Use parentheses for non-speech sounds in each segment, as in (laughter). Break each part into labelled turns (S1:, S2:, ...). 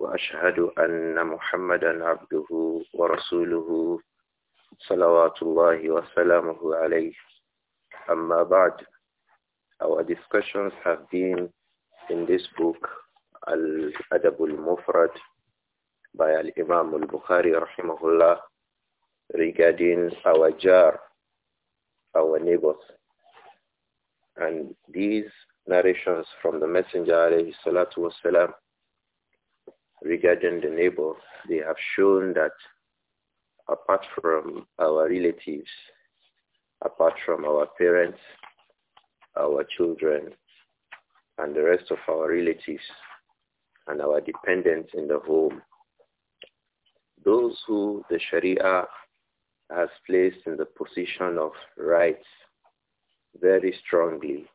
S1: وأشهد أن محمدا عبده ورسوله صلوات الله وسلامه عليه أما بعد Our discussions have been in this book Al-Adab mufrad by Al-Imam al-Bukhari rahimahullah regarding our jar, our neighbors. And these narrations from the Messenger alayhi salatu wasalam regarding the neighbor, they have shown that apart from our relatives, apart from our parents, our children, and the rest of our relatives and our dependents in the home, those who the Sharia has placed in the position of rights very strongly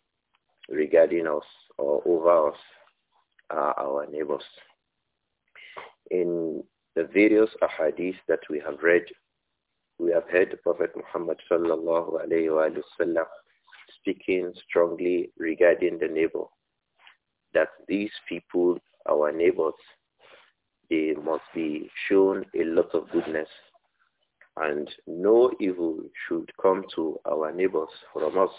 S1: regarding us or over us are our neighbors in the various ahadith that we have read, we have heard the Prophet Muhammad sallallahu alayhi wa sallam speaking strongly regarding the neighbor, that these people, our neighbors, they must be shown a lot of goodness and no evil should come to our neighbors from us,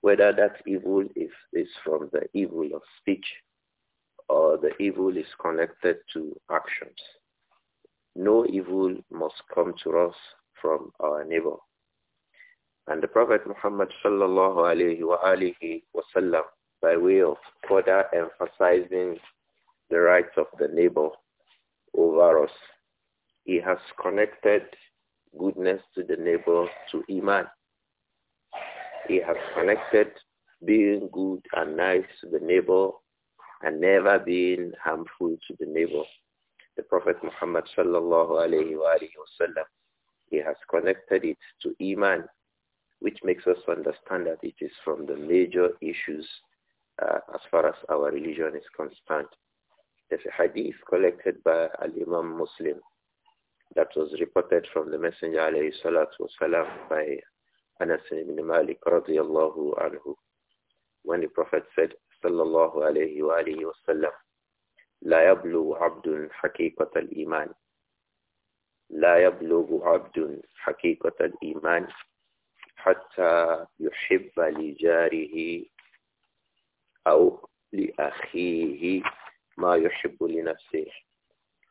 S1: whether that evil is, is from the evil of speech or the evil is connected to actions. No evil must come to us from our neighbor. And the Prophet Muhammad sallallahu alayhi wa alihi wasallam, by way of further emphasizing the rights of the neighbor over us, he has connected goodness to the neighbor to Iman. He has connected being good and nice to the neighbor and never being harmful to the neighbor. The Prophet Muhammad sallallahu alayhi wa wasallam, he has connected it to Iman, which makes us understand that it is from the major issues uh, as far as our religion is concerned. There's a hadith collected by Al-Imam Muslim that was reported from the Messenger alayhi salatu wasalam by Anas ibn Malik radiallahu anhu when the Prophet said, صلى الله عليه وآله وسلم لا يبلغ عبد حقيقة الإيمان لا يبلغ عبد حقيقة الإيمان حتى يحب لجاره أو لأخيه ما يحب لنفسه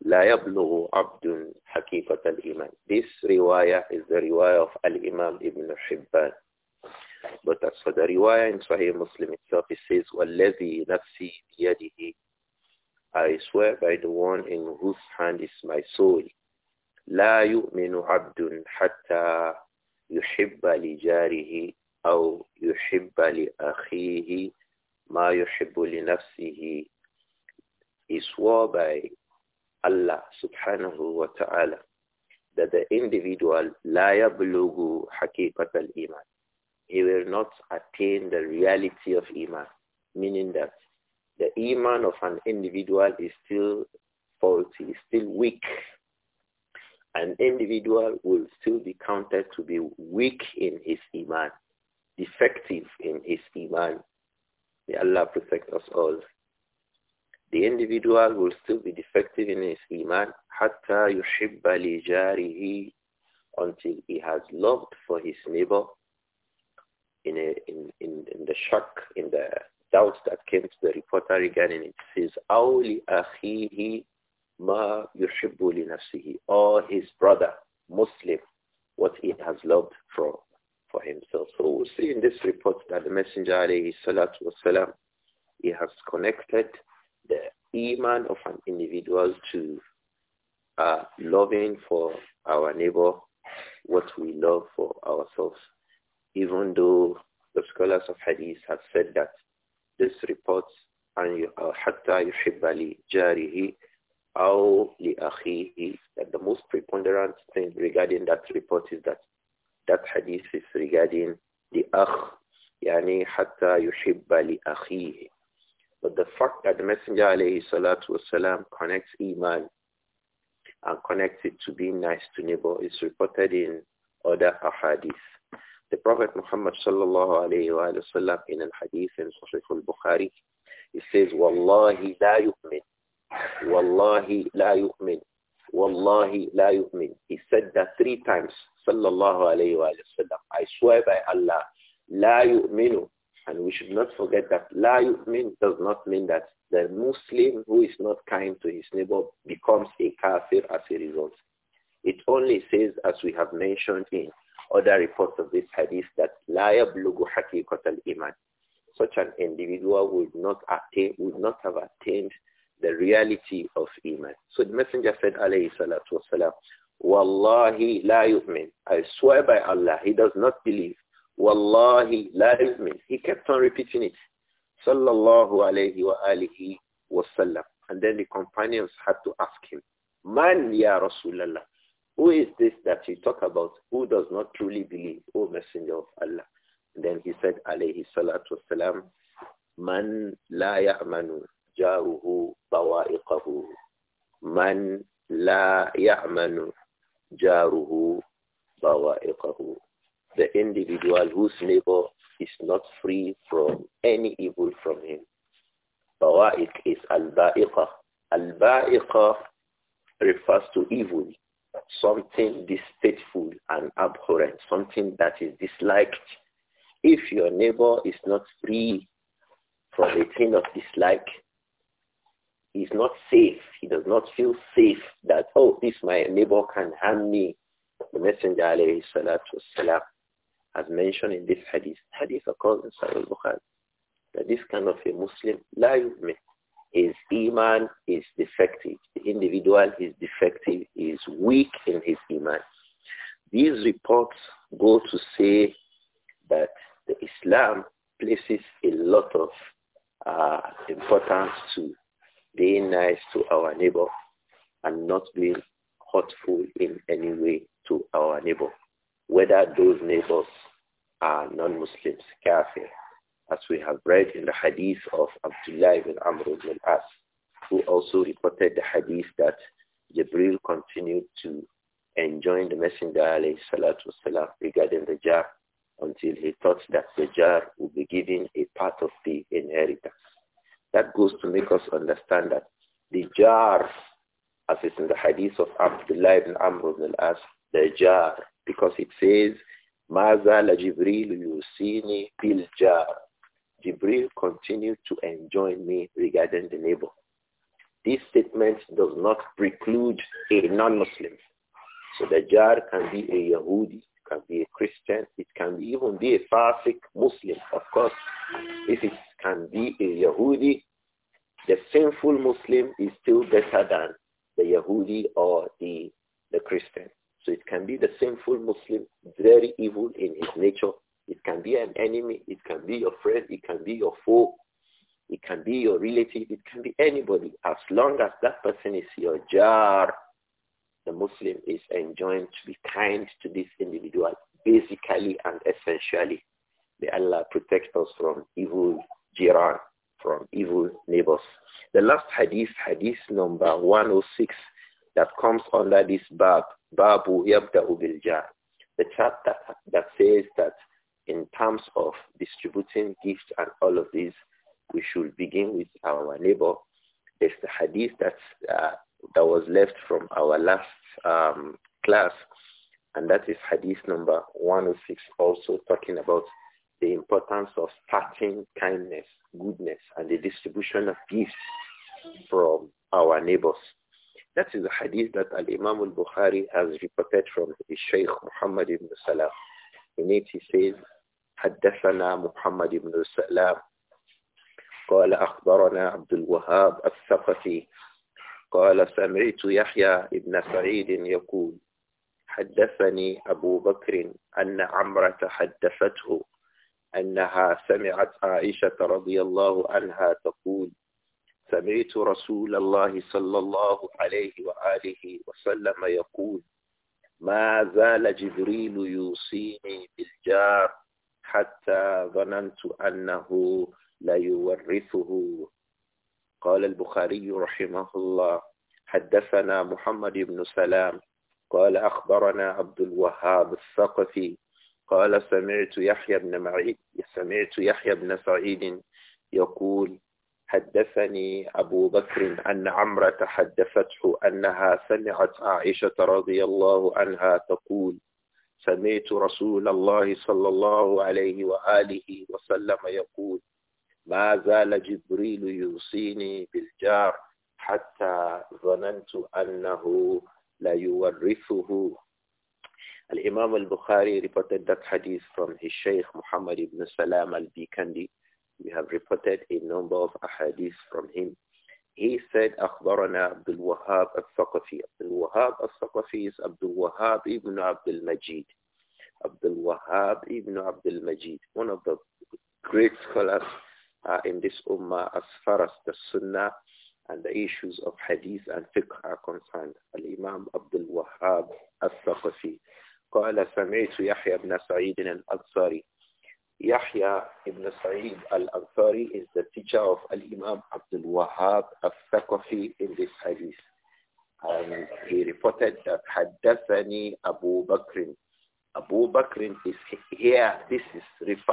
S1: لا يبلغ عبد حقيقة الإيمان This riwayah is the riwayah of Al-Imam Ibn Hibban But as for the riwayah in Sahih Muslim itself, it says, وَالَّذِي نَفْسِي بِيَدِهِ I swear by the one in whose hand is my soul. لا يؤمن عبد حتى يحب لجاره أو يحب لأخيه ما يحب لنفسه. He swore by Allah subhanahu wa ta'ala that the individual لا يبلغ حقيقة الإيمان he will not attain the reality of Iman, meaning that the Iman of an individual is still faulty, is still weak. An individual will still be counted to be weak in his Iman, defective in his Iman. May Allah protect us all. The individual will still be defective in his Iman, حتى يحب لجاره until he has loved for his neighbor in, a, in, in, in the shock, in the doubt that came to the reporter regarding it. says, Awli akhihi ma li nafsihi. Or oh, his brother, Muslim, what he has loved for, for himself. So we see in this report that the Messenger, alayhi salatu wasalam, he has connected the iman of an individual to uh, loving for our neighbor what we love for ourselves even though the scholars of hadith have said that this report and حتى يحب لجاره أو لأخيه that the most preponderant thing regarding that report is that that hadith is regarding the akh يعني حتى يحب لأخيه but the fact that the Messenger عليه الصلاة والسلام connects iman and connects it to being nice to neighbor is reported in other ahadith the Prophet Muhammad sallallahu alayhi wa sallam in al-hadith in Sahih al-Bukhari, he says, Wallahi la yu'min. Wallahi la yu'min. Wallahi la yu'min. He said that three times, sallallahu alayhi wa sallam. I swear by Allah, la yu'minu. And we should not forget that la yu'min does not mean that the Muslim who is not kind to his neighbor becomes a kafir as a result. It only says, as we have mentioned in other reports of this hadith that la yablughu haqiqatal iman. Such an individual would not attain, would not have attained the reality of iman. So the messenger said, alayhi salatu wasalam, wallahi la yu'min. I swear by Allah, he does not believe. Wallahi la yu'min. He kept on repeating it. Sallallahu alayhi wa alihi wasallam. And then the companions had to ask him, man ya Rasulallah? Who is this that you talk about who does not truly believe, O Messenger of Allah? And then he said, alayhi salatu wasalam, man la ya'manu jaruhu bawa'iqahu. Man la ya'manu jaruhu bawa'iqahu. The individual whose neighbor is not free from any evil from him. Bawa'iq is al-ba'iqa. Al-ba'iqa refers to evil something distasteful and abhorrent, something that is disliked. If your neighbor is not free from a thing of dislike, he's not safe. He does not feel safe that, oh, this my neighbor can harm me. The Messenger alayhi salatu wasalam, has mentioned in this hadith, hadith occurs in Sahih bukhari that this kind of a Muslim, la yu'min, his iman is defective. The individual is defective, is weak in his iman. These reports go to say that the Islam places a lot of uh, importance to being nice to our neighbor and not being hurtful in any way to our neighbor, whether those neighbors are non-Muslims, kafir, as we have read in the hadith of Abdullah ibn Amr ibn al-As, who also reported the hadith that Jibril continued to enjoin the Messenger alayhi salatu regarding the jar until he thought that the jar would be given a part of the inheritance. That goes to make us understand that the jar, as is in the hadith of Abdullah ibn Amr ibn al-As, the jar, because it says, Maza la Jibril yusini bil jar. Jibril continued to enjoin me regarding the neighbor. This statement does not preclude a non-Muslim. So the jar can be a Yahudi, can be a Christian, it can even be a Farsic Muslim. Of course, if it can be a Yahudi, the sinful Muslim is still better than the Yahudi or the, the Christian. So it can be the sinful Muslim, very evil in his nature, it can be an enemy. It can be your friend. It can be your foe. It can be your relative. It can be anybody. As long as that person is your jar, the Muslim is enjoined to be kind to this individual, basically and essentially. May Allah protect us from evil jiran, from evil neighbors. The last hadith, hadith number 106, that comes under this bab, Babu Yabda'u Biljar, the chapter that says that in terms of distributing gifts and all of these, we should begin with our neighbor. There's the hadith that, uh, that was left from our last um, class, and that is hadith number 106, also talking about the importance of starting kindness, goodness, and the distribution of gifts from our neighbors. That is a hadith that Al-Imam al-Bukhari has reported from his Shaykh Muhammad ibn Salah. In it he says, حدثنا محمد بن سلام قال أخبرنا عبد الوهاب الثقفي قال سمعت يحيى بن سعيد يقول حدثني أبو بكر أن عمرة حدثته أنها سمعت عائشة رضي الله عنها تقول سمعت رسول الله صلى الله عليه وآله وسلم يقول ما زال جبريل يوصيني بالجار حتى ظننت أنه لا يورثه قال البخاري رحمه الله حدثنا محمد بن سلام قال أخبرنا عبد الوهاب الثقفي قال سمعت يحيى بن معيد سمعت يحيى بن سعيد يقول حدثني أبو بكر أن عمرة حدثته أنها سمعت عائشة رضي الله عنها تقول سمعت رسول الله صلى الله عليه وآله وسلم يقول ما زال جبريل يوصيني بالجار حتى ظننت أنه لا يورثه الإمام البخاري al reported that hadith from his Shaykh Muhammad ibn Salam al-Bikandi. We have reported a number of hadiths from him. He said, أخبرنا عبد الوهاب الثقفي. عبد الوهاب الثقفي is عبد الوهاب ibn عبد المجيد. عبد الوهاب ibn عبد المجيد. One of the great scholars uh, in this ummah as far as the sunnah and the issues of hadith and fiqh are concerned. Al-Imam Abdul Wahhab al-Thaqafi. قال سمعت يحيى بن سعيد الأنصاري Yahya ibn Sa'id al-Ansari is the teacher of Al-Imam Abdul Wahhab al-Thaqafi in this hadith. And he reported that Haddathani Abu Bakr. Abu Bakr is here, this is,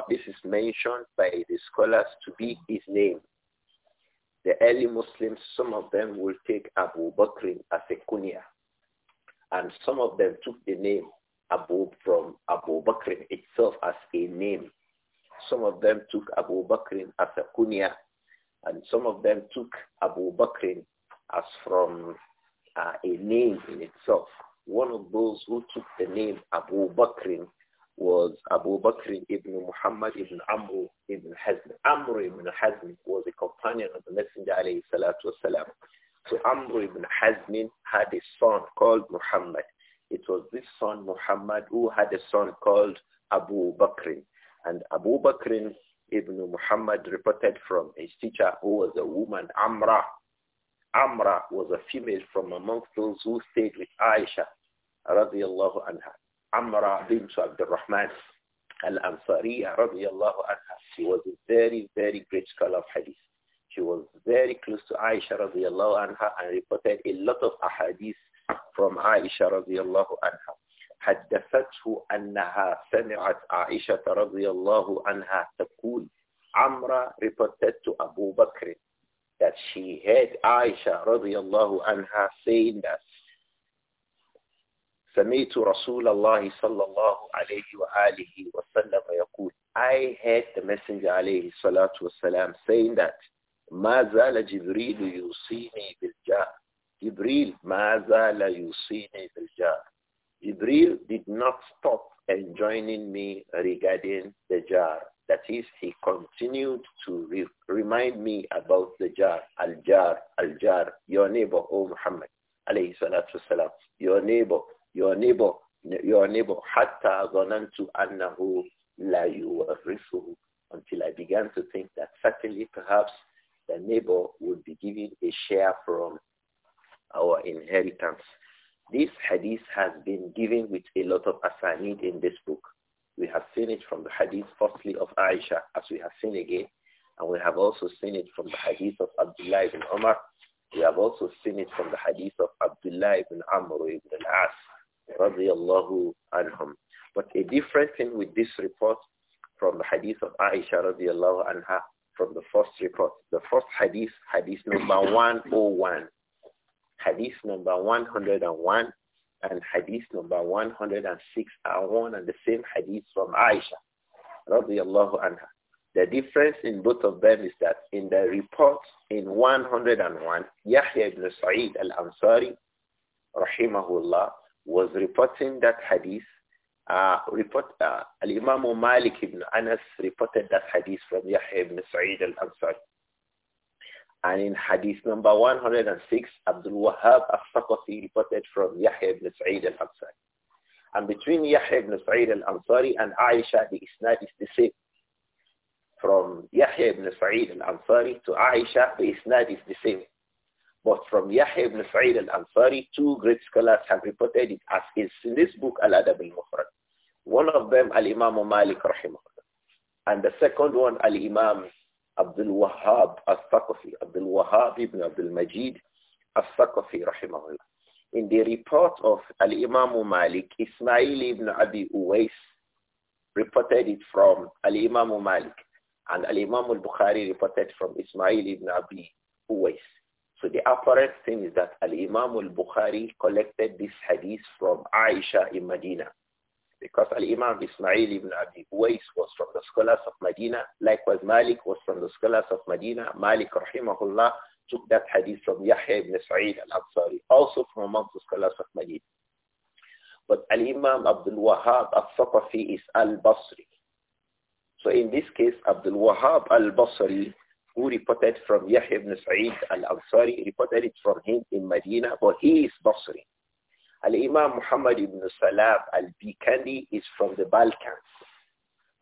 S1: this is mentioned by the scholars to be his name. The early Muslims, some of them will take Abu Bakr as a kunya. And some of them took the name Abu from Abu Bakr itself as a name some of them took Abu Bakr as a kunya, and some of them took Abu Bakr as from uh, a name in itself. One of those who took the name Abu Bakr was Abu Bakr ibn Muhammad ibn Amr ibn Hazm. Amr ibn Hazm was a companion of the Messenger alayhi salatu wasalam. So Amr ibn Hazm had a son called Muhammad. It was this son Muhammad who had a son called Abu Bakr. And Abu Bakr ibn Muhammad reported from his teacher who was a woman, Amra. Amra was a female from amongst those who stayed with Aisha radiallahu anha. Amra bint Abdurrahman al-Ansariya radiallahu anha. She was a very, very great scholar of hadith. She was very close to Aisha radiallahu anha and reported a lot of ahadith from Aisha radiallahu anha. حدثته أنها سمعت عائشة رضي الله عنها تقول Amra reported to Abu Bakr that she heard Aisha رضي الله عنها saying that سمعت رسول الله صلى الله عليه وآله وسلم يقول I heard the messenger عليه الصلاة والسلام saying that ما زال جبريل يوصيني بالجار جبريل ما زال يوصيني بالجار Ibril did not stop enjoining me regarding the jar. That is, he continued to re remind me about the jar, al-jar, al-jar, your neighbor, O Muhammad, alayhi salatu wasalam, your neighbor, your neighbor, your neighbor, hatta ganantu annahu la yuwarrisuhu, until I began to think that certainly perhaps the neighbor would be given a share from our inheritance. This hadith has been given with a lot of asanid in this book. We have seen it from the hadith firstly of Aisha, as we have seen again, and we have also seen it from the hadith of Abdullah ibn Umar. We have also seen it from the hadith of Abdullah ibn Amr ibn al-As, radiyallahu anhum. But a different thing with this report from the hadith of Aisha radiyallahu anha from the first report. The first hadith, hadith number 101, hadith number 101 and hadith number 106 are one and the same hadith from Aisha, radiallahu anha. The difference in both of them is that in the report in 101, Yahya ibn Sa'id al-Ansari, rahimahullah, was reporting that hadith. Uh, report, uh, Al-Imam Malik ibn Anas reported that hadith from Yahya ibn Sa'id al-Ansari. And in hadith number 106, Abdul Wahab al-Thaqafi reported from Yahya ibn Sa'id al-Ansari. And between Yahya ibn Sa'id al-Ansari and Aisha, the isnad is the same. From Yahya ibn Sa'id al-Ansari to Aisha, the isnad is the same. But from Yahya ibn Sa'id al-Ansari, two great scholars have reported it as is in this book, Al-Adab al-Mufrad. One of them, Al-Imam Malik rahimahullah. And the second one, Al-Imam Abdul Wahhab al-Thaqafi, Abdul Wahhab ibn Abdul Majid al-Thaqafi rahimahullah. In the report of Al-Imam Malik, Ismail ibn Abi Uwais reported it from Al-Imam Malik and Al-Imam al-Bukhari reported from Ismail ibn Abi Uwais. So the apparent thing is that Al-Imam al-Bukhari collected this hadith from Aisha in Medina. Because Al-Imam Ismail ibn Abi Uwais was from the scholars of Medina. Likewise, Malik was from the scholars of Medina. Malik, rahimahullah, took that hadith from Yahya ibn Sa'id al-Ansari, also from amongst the scholars of Medina. But Al-Imam Abdul Wahab al-Thaqafi is al-Basri. So in this case, Abdul Wahab al-Basri, who reported from Yahya ibn Sa'id al-Ansari, reported it from him in Medina, but he is Basri. Al-Imam Muhammad ibn Salam al-Bikandi is from the Balkans,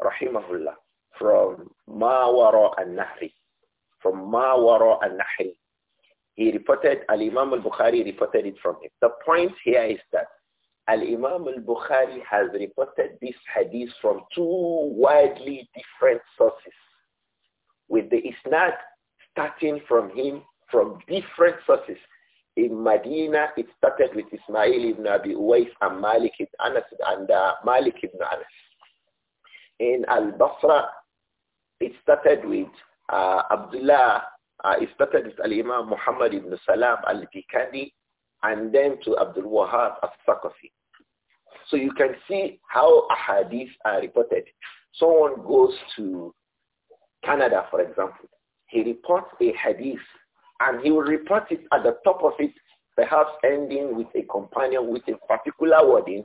S1: rahimahullah, from Mawara al-Nahri, from Mawara al-Nahri. He reported, Al-Imam al-Bukhari reported it from him. The point here is that Al-Imam al-Bukhari has reported this hadith from two widely different sources, with the isnad starting from him from different sources. In Medina, it started with Ismail ibn Abi Uwais and Malik ibn Anas and uh, Malik ibn Anas. In Al-Basra, it started with uh, Abdullah, uh, it started with Al-Imam Muhammad ibn Salam al-Bikani and then to Abdul Wahab al-Thaqafi. So you can see how ahadith are reported. Someone goes to Canada, for example. He reports a hadith and he will report it at the top of it, perhaps ending with a companion with a particular wording,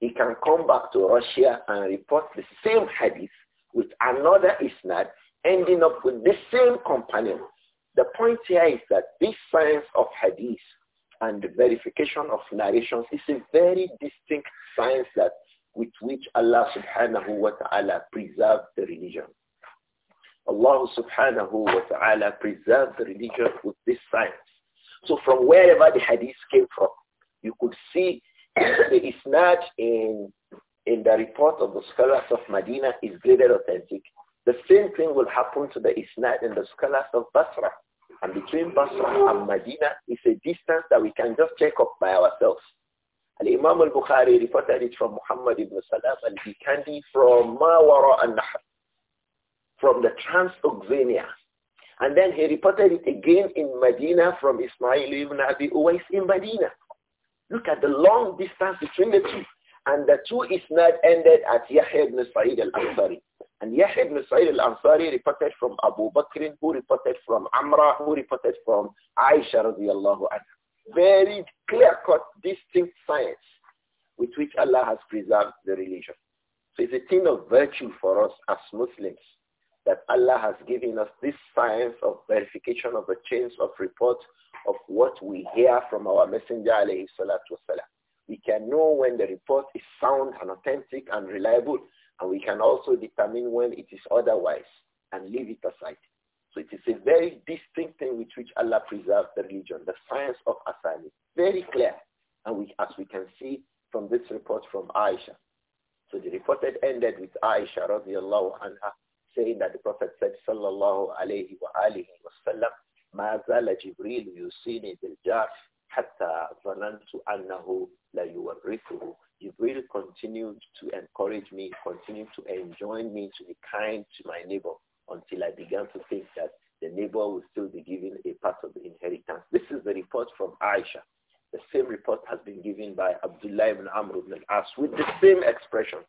S1: he can come back to Russia and report the same hadith with another isnad, ending up with the same companion. The point here is that this science of hadith and the verification of narrations is a very distinct science that with which Allah subhanahu wa ta'ala preserved the religion. Allah subhanahu wa ta'ala preserved the religion with this science. So from wherever the hadith came from, you could see the isnad in, in the report of the scholars of Medina is graded authentic. The same thing will happen to the isnad in the scholars of Basra. And between Basra and Medina is a distance that we can just check up by ourselves. Al-Imam al-Bukhari reported it from Muhammad ibn Salam al-Bikandi from Mawara al-Nahr from the Transoxania. And then he reported it again in Medina from Ismail ibn Abi Uwais in Medina. Look at the long distance between the two. And the two is not ended at Yahya ibn Sa'id al-Ansari. And Yahya ibn Sa'id al-Ansari reported from Abu Bakr, who reported from Amra, who reported from Aisha radiallahu anha. Very clear-cut, distinct science with which Allah has preserved the religion. So it's a thing of virtue for us as Muslims that Allah has given us this science of verification of the chains of report of what we hear from our messenger alayhi salatu wasalam. We can know when the report is sound and authentic and reliable and we can also determine when it is otherwise and leave it aside. So it is a very distinct thing with which Allah preserves the religion, the science of is Very clear. And we, as we can see from this report from Aisha. So the reported ended with Aisha radiallahu anha saying that the Prophet said, sallallahu alayhi wa alihi wa sallam, ما زال جبريل يوصيني بالجرح حتى ظننت أنه لا يورثه. Jibril continued to encourage me, continued to enjoin me to be kind to my neighbor until I began to think that the neighbor would still be given a part of the inheritance. This is the report from Aisha. The same report has been given by Abdullah ibn Amr ibn al-As with the same expressions.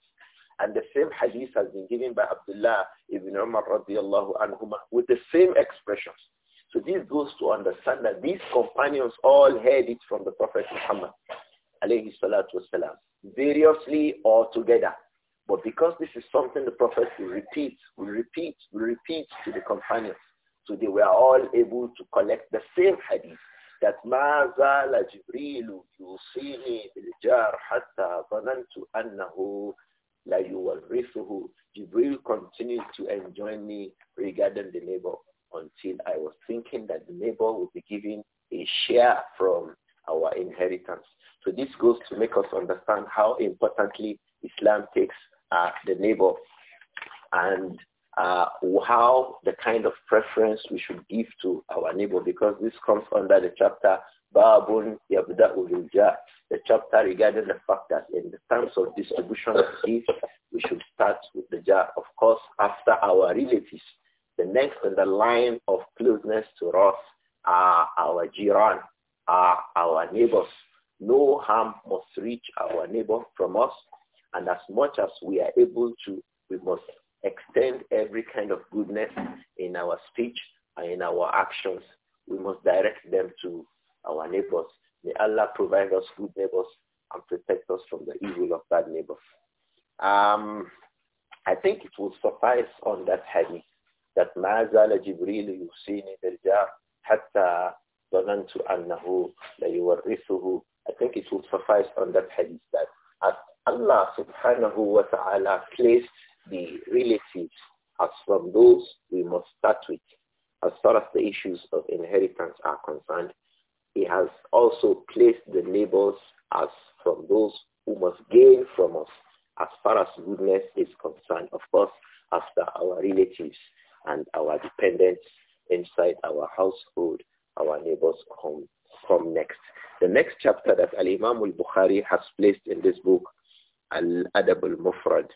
S1: And the same hadith has been given by Abdullah ibn Umar radiallahu anhuma with the same expressions. So this goes to understand that these companions all heard it from the Prophet Muhammad alayhi salatu wasalam, variously or together. But because this is something the Prophet will repeat, will repeat, will repeat to the companions, so they were all able to collect the same hadith that ما زال جبريل يوصيني بالجار حتى ظننت أنه you who you will continue to enjoy me regarding the neighbor until I was thinking that the neighbor would be given a share from our inheritance. So this goes to make us understand how importantly Islam takes uh, the neighbor and uh, how the kind of preference we should give to our neighbor because this comes under the chapter Babun Yabda'u Rijah, the chapter regarding the fact that in the terms of distribution of gifts, we should start with the jar, of course, after our relatives. The next in the line of closeness to us are our jiran, are our neighbors. No harm must reach our neighbor from us, and as much as we are able to, we must extend every kind of goodness in our speech and in our actions. We must direct them to our neighbors. May Allah provide us good neighbors and protect us from the evil of bad neighbors. Um, I think it will suffice on that hadith that ما زال جبريل يوصيني بالجار حتى ظننت أنه ليورثه I think it will suffice on that hadith that as Allah subhanahu wa ta'ala placed the relatives as from those we must start with as far as the issues of inheritance are concerned he has also placed the neighbours as from those who must gain from us as far as goodness is concerned, of course, after our relatives and our dependents inside our household, our neighbors come, come next. The next chapter that Al-Imam al-Bukhari has placed in this book, Al-Adab al-Mufrad,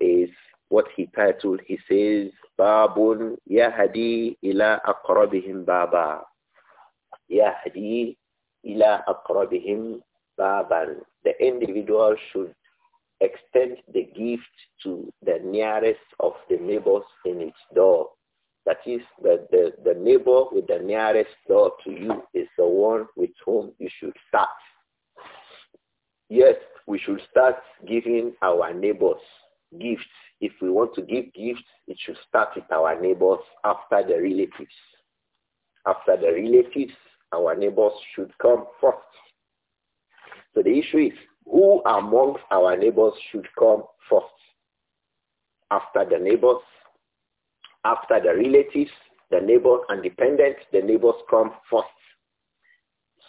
S1: is what he titled, he says, Babun Yahadi ila akrabihim baba. The individual should extend the gift to the nearest of the neighbors in its door. That is, the, the, the neighbor with the nearest door to you is the one with whom you should start. Yes, we should start giving our neighbors gifts. If we want to give gifts, it should start with our neighbors after the relatives. After the relatives, our neighbors should come first. So the issue is who amongst our neighbors should come first? After the neighbors, after the relatives, the neighbors and dependents, the neighbors come first.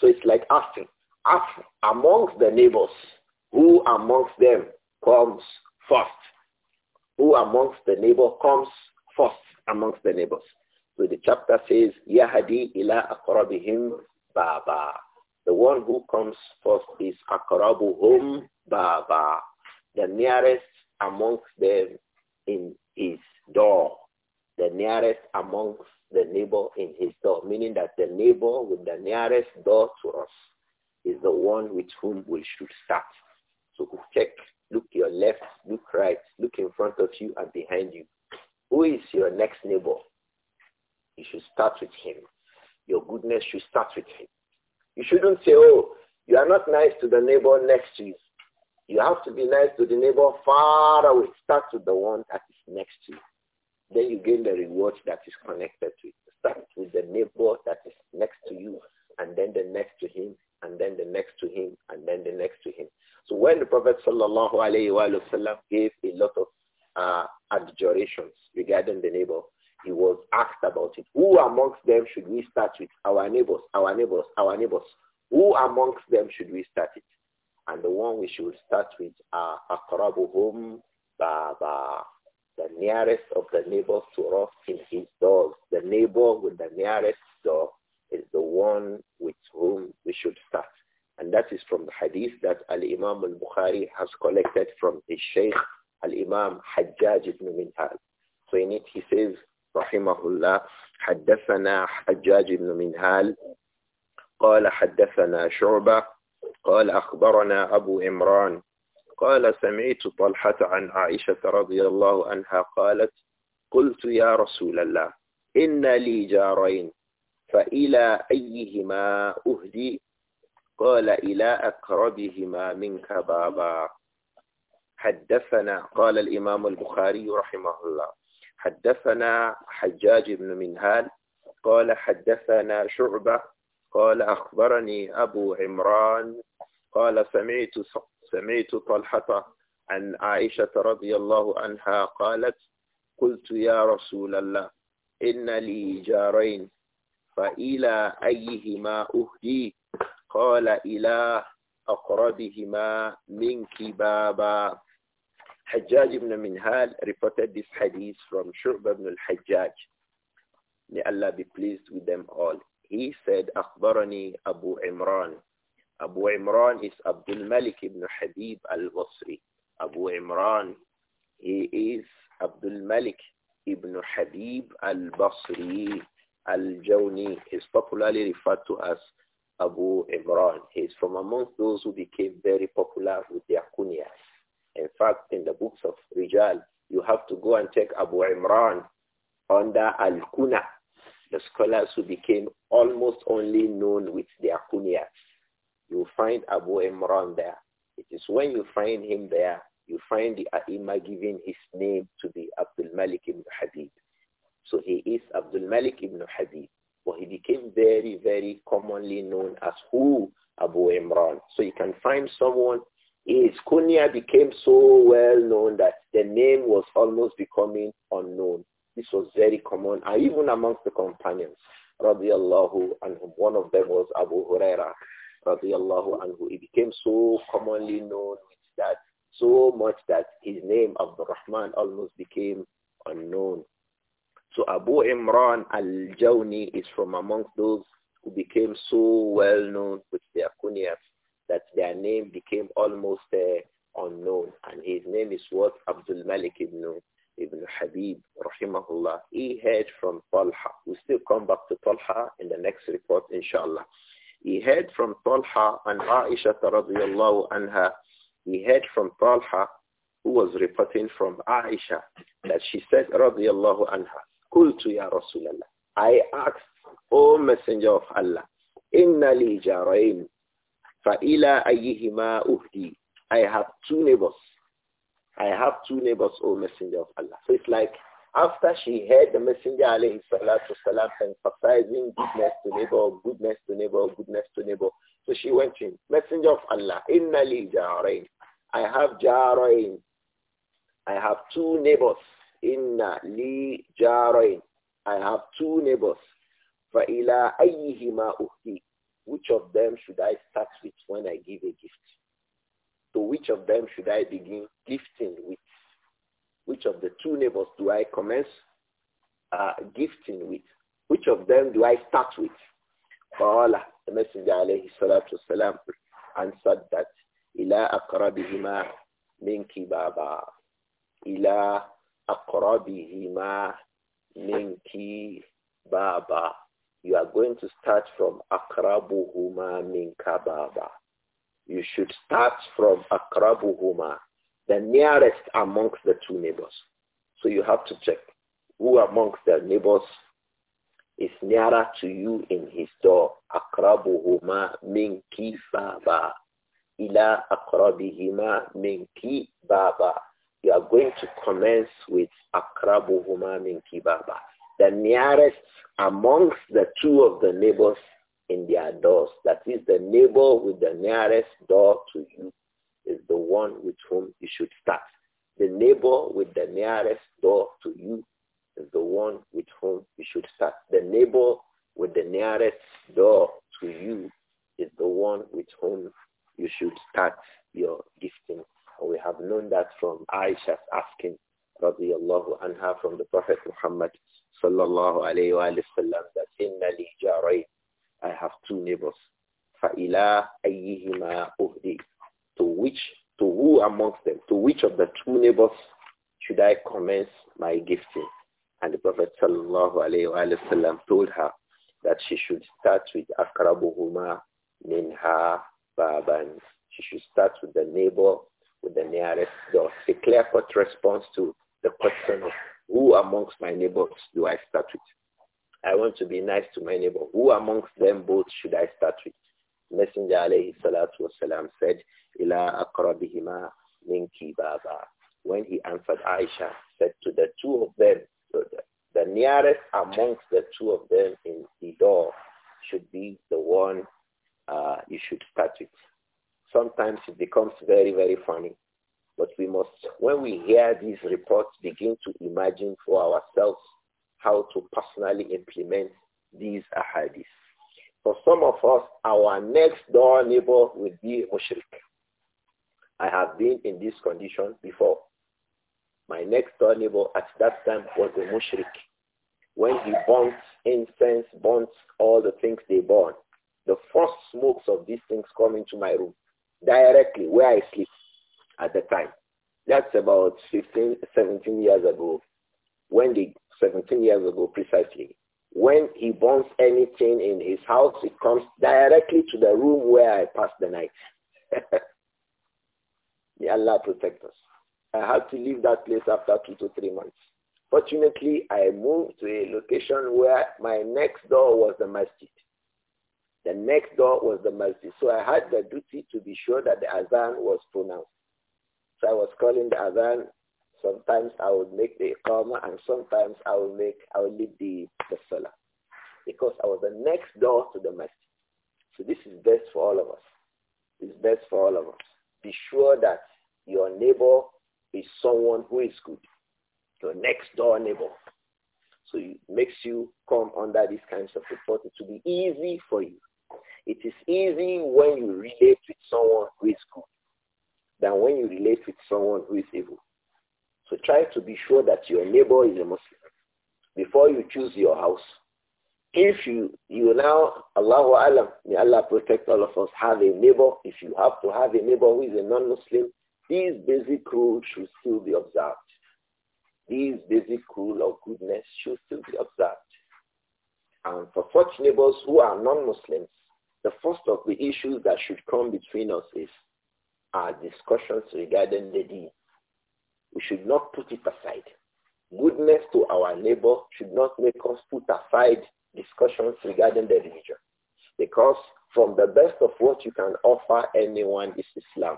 S1: So it's like asking, after, amongst the neighbors, who amongst them comes first? Who amongst the neighbor comes first amongst the neighbors? So the chapter says, Yahadi ila akrabihim baba. The one who comes first is akrabuhum baba. The nearest amongst them in his door. The nearest amongst the neighbor in his door. Meaning that the neighbor with the nearest door to us is the one with whom we should start. So check, look your left, look right, look in front of you and behind you. Who is your next neighbor? You should start with him. Your goodness should start with him. You shouldn't say, oh, you are not nice to the neighbor next to you. You have to be nice to the neighbor far away. Start with the one that is next to you. Then you gain the reward that is connected to it. Start with the neighbor that is next to you, and then the next to him, and then the next to him, and then the next to him. So when the Prophet sallallahu alaihi wasallam gave a lot of uh, adjurations regarding the neighbor, he was asked about it. Who amongst them should we start with? Our neighbors, our neighbors, our neighbors. Who amongst them should we start it? And the one we should start with are Akrabuhum Baba, the nearest of the neighbors to us in his doors. The neighbor with the nearest door is the one with whom we should start. And that is from the hadith that Al-Imam al-Bukhari has collected from his sheikh, Al-Imam Hajjaj ibn Minhal. So in it he says, رحمه الله حدثنا حجاج بن منهال قال حدثنا شعبة قال أخبرنا أبو إمران قال سمعت طلحة عن عائشة رضي الله عنها قالت قلت يا رسول الله إن لي جارين فإلى أيهما أهدي قال إلى أقربهما منك بابا حدثنا قال الإمام البخاري رحمه الله حدثنا حجاج بن منهال قال حدثنا شعبة قال أخبرني أبو عمران قال سمعت سمعت طلحة عن عائشة رضي الله عنها قالت قلت يا رسول الله إن لي جارين فإلى أيهما أهدي قال إلى أقربهما منك بابا Hajjaj ibn Minhal reported this hadith from Shu'bah ibn al-Hajjaj. May Allah be pleased with them all. He said, Akhbarani Abu Imran. Abu Imran is Abdul Malik ibn Habib al-Basri. Abu Imran, he is Abdul Malik ibn Habib al-Basri al-Jawni. is popularly referred to as Abu Imran. He is from amongst those who became very popular with their kunyas. In fact, in the books of Rijal, you have to go and check Abu Imran under Al-Kuna, the scholars who became almost only known with their kunyas. You find Abu Imran there. It is when you find him there, you find the ai giving his name to the Abdul Malik ibn Habib. So he is Abdul Malik ibn Habib. But he became very, very commonly known as who? Abu Imran. So you can find someone his kunya became so well known that the name was almost becoming unknown. This was very common, and even amongst the companions, radiallahu anhum. One of them was Abu Huraira, radiallahu anhu. It became so commonly known that so much that his name, Abdul Rahman, almost became unknown. So Abu Imran al-Jawni is from amongst those who became so well known with their kunyas that their name became almost uh, unknown. And his name is what? Abdul Malik ibn, ibn Habib, rahimahullah. He heard from Talha. we still come back to Talha in the next report, inshallah. He heard from Talha and Aisha radiallahu anha. He heard from Talha who was reporting from Aisha that she said radiallahu anha, Kultu ya Rasulallah. I asked, O Messenger of Allah, Inna li jarayn فَإِلَىٰ أَيِّهِمَا أُهْدِي I have two neighbors. I have two neighbors, O Messenger of Allah. So it's like after she heard the Messenger alayhi salatu salam emphasizing goodness to neighbor, goodness to neighbor, goodness to neighbor. So she went in, Messenger of Allah, Inna li jarain. I have jarain. I have two neighbors. Inna li jarain. I have two neighbors. فَإِلَىٰ أَيِّهِمَا أُهْدِي which of them should I start with when I give a gift? To which of them should I begin gifting with? Which of the two neighbors do I commence uh, gifting with? Which of them do I start with? قال المسجد عليه الصلاة والسلام answered that "Ila أقربهما منك بابا Ila أقربهما منك بابا you are going to start from akrabuhuma min kababa. You should start from akrabuhuma, the nearest amongst the two neighbors. So you have to check who amongst the neighbors is nearer to you in his door. Akrabuhuma min kifaba ila akrabihima min kibaba. You are going to commence with akrabuhuma min kibaba the nearest amongst the two of the neighbors in their doors. That is, the neighbor with the nearest door to you is the one with whom you should start. The neighbor with the nearest door to you is the one with whom you should start. The neighbor with the nearest door to you is the one with whom you should start your gifting. We have known that from Aisha's asking, radiallahu anha, from the Prophet Muhammad sallallahu alayhi wa sallam that inna li jarayn, I have two neighbors. فَإِلَىٰ أَيِّهِمَا أُهْدِي To which, to who amongst them, to which of the two neighbors should I commence my gifting? And the Prophet sallallahu alayhi wa sallam told her that she should start with أَقْرَبُهُمَا minha بَابًا She should start with the neighbor, with the nearest door. It's a clear-cut response to the question of who amongst my neighbors do I start with? I want to be nice to my neighbor. Who amongst them both should I start with? Messenger alayhi salatu wasalam said, Ila akrabihima minki baba. When he answered Aisha, said to the two of them, the nearest amongst the two of them in the door should be the one uh, you should start with. Sometimes it becomes very, very funny. But we must, when we hear these reports, begin to imagine for ourselves how to personally implement these ahadith. For some of us, our next door neighbor will be mushrik. I have been in this condition before. My next door neighbor at that time was a mushrik. When he burnt incense, burnt all the things they burn, the first smokes of these things come into my room directly where I sleep at the time. That's about 15, 17 years ago. When the 17 years ago precisely, when he burns anything in his house, it comes directly to the room where I pass the night. (laughs) May Allah protect us. I had to leave that place after two to three months. Fortunately, I moved to a location where my next door was the masjid. The next door was the masjid. So I had the duty to be sure that the azan was pronounced. So I was calling the Adhan. Sometimes I would make the Iqamah and sometimes I would make, I would lead the, the Salah. Because I was the next door to the masjid. So this is best for all of us. It's best for all of us. Be sure that your neighbor is someone who is good. Your next door neighbor. So it makes you come under these kinds of reports. It will be easy for you. It is easy when you relate with someone who is good than when you relate with someone who is evil. So try to be sure that your neighbor is a Muslim before you choose your house. If you, you now, Allahu Alam, may Allah protect all of us, have a neighbor. If you have to have a neighbor who is a non-Muslim, these basic rules should still be observed. These basic rules of goodness should still be observed. And for such neighbors who are non-Muslims, the first of the issues that should come between us is our discussions regarding the deed. We should not put it aside. Goodness to our neighbor should not make us put aside discussions regarding the religion. Because from the best of what you can offer anyone is Islam.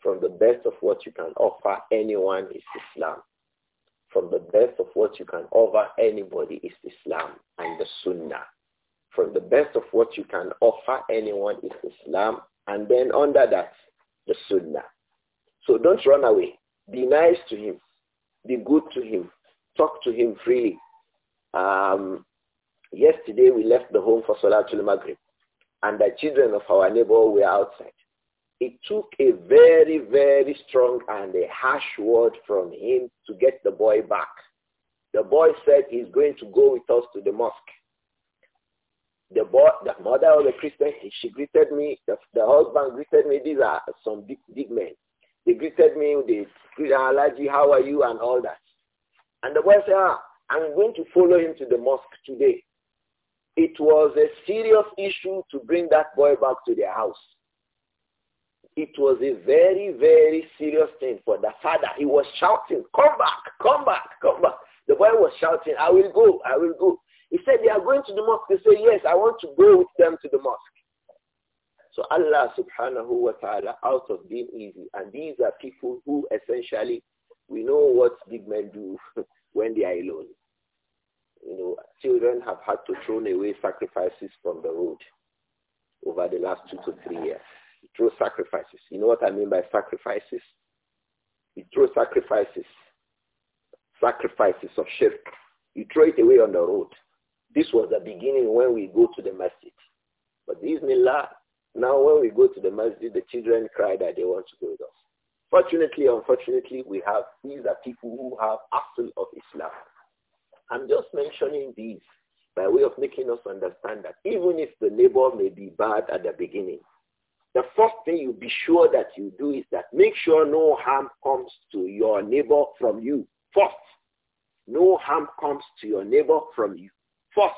S1: From the best of what you can offer anyone is Islam. From the best of what you can offer anybody is Islam and the Sunnah. From the best of what you can offer anyone is Islam. And then under that, the sunnah. So don't run away. Be nice to him. Be good to him. Talk to him freely. Um, yesterday we left the home for Salatul Maghrib and the children of our neighbor were outside. It took a very, very strong and a harsh word from him to get the boy back. The boy said he's going to go with us to the mosque. The, boy, the mother of the Christian, she greeted me. The, the husband greeted me. These are some big, big men. They greeted me. They greeted ah, Alaji, how are you, and all that. And the boy said, ah, I'm going to follow him to the mosque today. It was a serious issue to bring that boy back to their house. It was a very, very serious thing for the father. He was shouting, come back, come back, come back. The boy was shouting, I will go, I will go. He said they are going to the mosque. They say, yes, I want to go with them to the mosque. So Allah subhanahu wa ta'ala out of being easy. And these are people who essentially, we know what big men do (laughs) when they are alone. You know, children have had to throw away sacrifices from the road over the last two to three years. You throw sacrifices. You know what I mean by sacrifices? You throw sacrifices. Sacrifices of shirk. You throw it away on the road. This was the beginning when we go to the masjid. But these Bismillah, now when we go to the masjid, the children cry that they want to go with us. Fortunately, unfortunately, we have these are people who have absolute of Islam. I'm just mentioning these by way of making us understand that even if the neighbor may be bad at the beginning, the first thing you be sure that you do is that make sure no harm comes to your neighbor from you first. No harm comes to your neighbor from you first.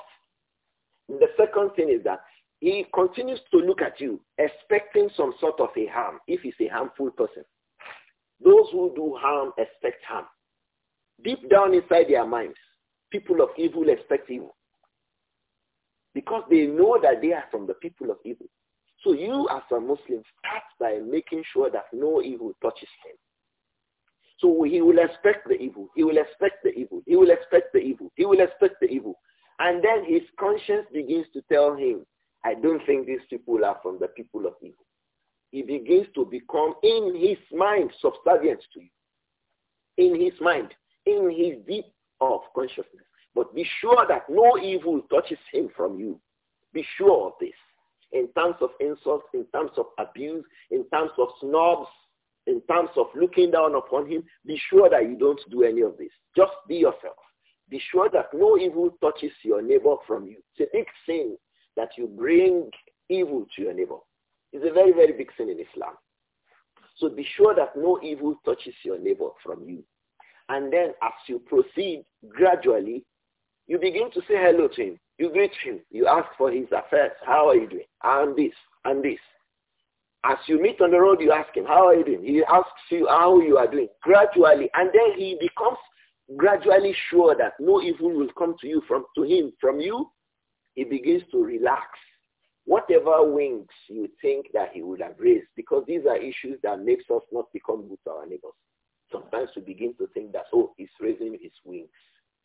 S1: The second thing is that he continues to look at you expecting some sort of a harm if he's a harmful person. Those who do harm expect harm. Deep down inside their minds, people of evil expect evil because they know that they are from the people of evil. So you as a Muslim start by making sure that no evil touches him. So he will expect the evil. He will expect the evil. He will expect the evil. He will expect the evil. And then his conscience begins to tell him, I don't think these people are from the people of evil. He begins to become, in his mind, subservient to you. In his mind, in his deep of consciousness. But be sure that no evil touches him from you. Be sure of this. In terms of insults, in terms of abuse, in terms of snobs, in terms of looking down upon him, be sure that you don't do any of this. Just be yourself. Be sure that no evil touches your neighbor from you. It's a big sin that you bring evil to your neighbor. It's a very, very big sin in Islam. So be sure that no evil touches your neighbor from you. And then as you proceed gradually, you begin to say hello to him. You greet him. You ask for his affairs. How are you doing? And this, and this. As you meet on the road, you ask him, how are you doing? He asks you how you are doing gradually. And then he becomes gradually sure that no evil will come to you from to him from you, he begins to relax. Whatever wings you think that he would have raised, because these are issues that makes us not become good to our neighbors. Sometimes we begin to think that, oh, he's raising his wings.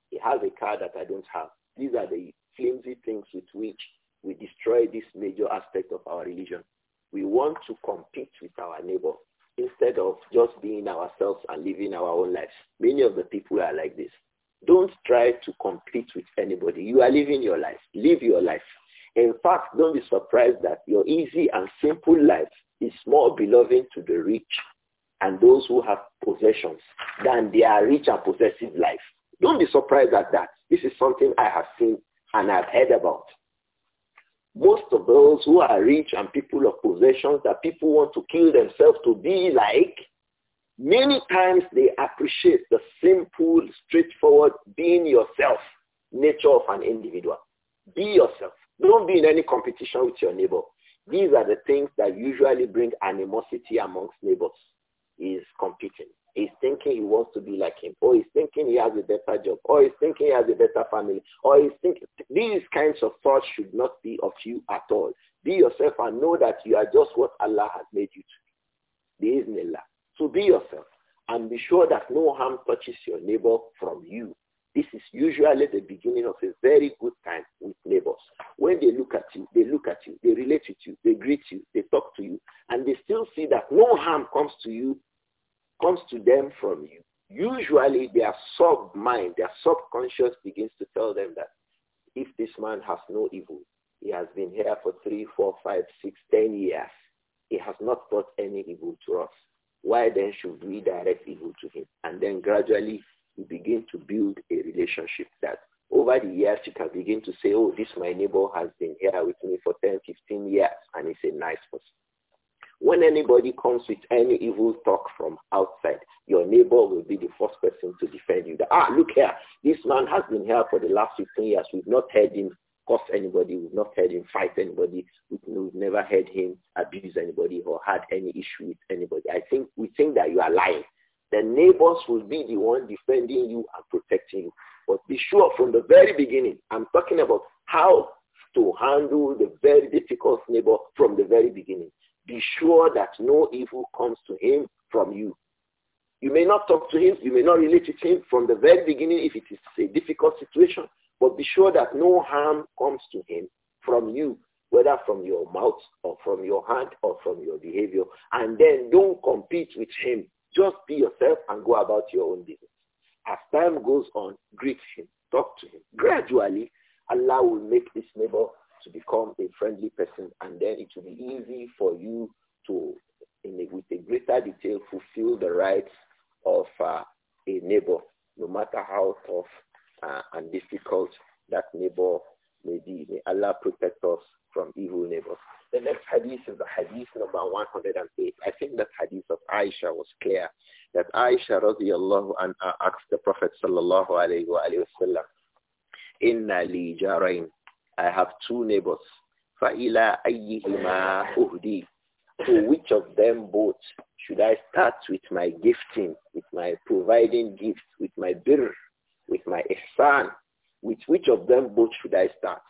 S1: He has a car that I don't have. These are the flimsy things with which we destroy this major aspect of our religion. We want to compete with our neighbor instead of just being ourselves and living our own lives. Many of the people are like this. Don't try to compete with anybody. You are living your life. Live your life. In fact, don't be surprised that your easy and simple life is more beloved to the rich and those who have possessions than their rich and possessive life. Don't be surprised at that. This is something I have seen and I've heard about. Most of those who are rich and people of possessions that people want to kill themselves to be like, many times they appreciate the simple, straightforward being yourself nature of an individual. Be yourself. Don't be in any competition with your neighbor. These are the things that usually bring animosity amongst neighbors is competing. He's thinking he wants to be like him, or he's thinking he has a better job, or he's thinking he has a better family, or he's thinking these kinds of thoughts should not be of you at all. Be yourself and know that you are just what Allah has made you to be. There is no Allah. So be yourself and be sure that no harm touches your neighbor from you. This is usually the beginning of a very good time with neighbors. When they look at you, they look at you, they relate with you, they greet you, they talk to you, and they still see that no harm comes to you comes to them from you, usually their sub-mind, their subconscious begins to tell them that if this man has no evil, he has been here for three, four, five, six, ten years. He has not brought any evil to us. Why then should we direct evil to him? And then gradually you begin to build a relationship that over the years you can begin to say, oh, this my neighbor has been here with me for 10, 15 years and he's a nice person. When anybody comes with any evil talk from outside, your neighbor will be the first person to defend you. ah, look here, this man has been here for the last 15 years. We've not heard him curse anybody. We've not heard him fight anybody. We've never heard him abuse anybody or had any issue with anybody. I think we think that you are lying. The neighbors will be the one defending you and protecting you. But be sure from the very beginning, I'm talking about how to handle the very difficult neighbor from the very beginning. Be sure that no evil comes to him from you. You may not talk to him, you may not relate to him from the very beginning if it is a difficult situation, but be sure that no harm comes to him from you, whether from your mouth or from your hand or from your behavior. And then don't compete with him. Just be yourself and go about your own business. As time goes on, greet him, talk to him. Gradually, Allah will make this neighbor to become a friendly person and then it will be easy for you to, a, with a greater detail, fulfill the rights of uh, a neighbor, no matter how tough uh, and difficult that neighbor may be. May Allah protect us from evil neighbors. The next hadith is the hadith number 108. I think that hadith of Aisha was clear. That Aisha radiallahu anha asked the Prophet sallallahu alayhi wa sallam, Inna li jarain. I have two neighbors. فَإِلَىٰ To which of them both should I start with my gifting, with my providing gifts, with my birr, with my ihsan? With which of them both should I start?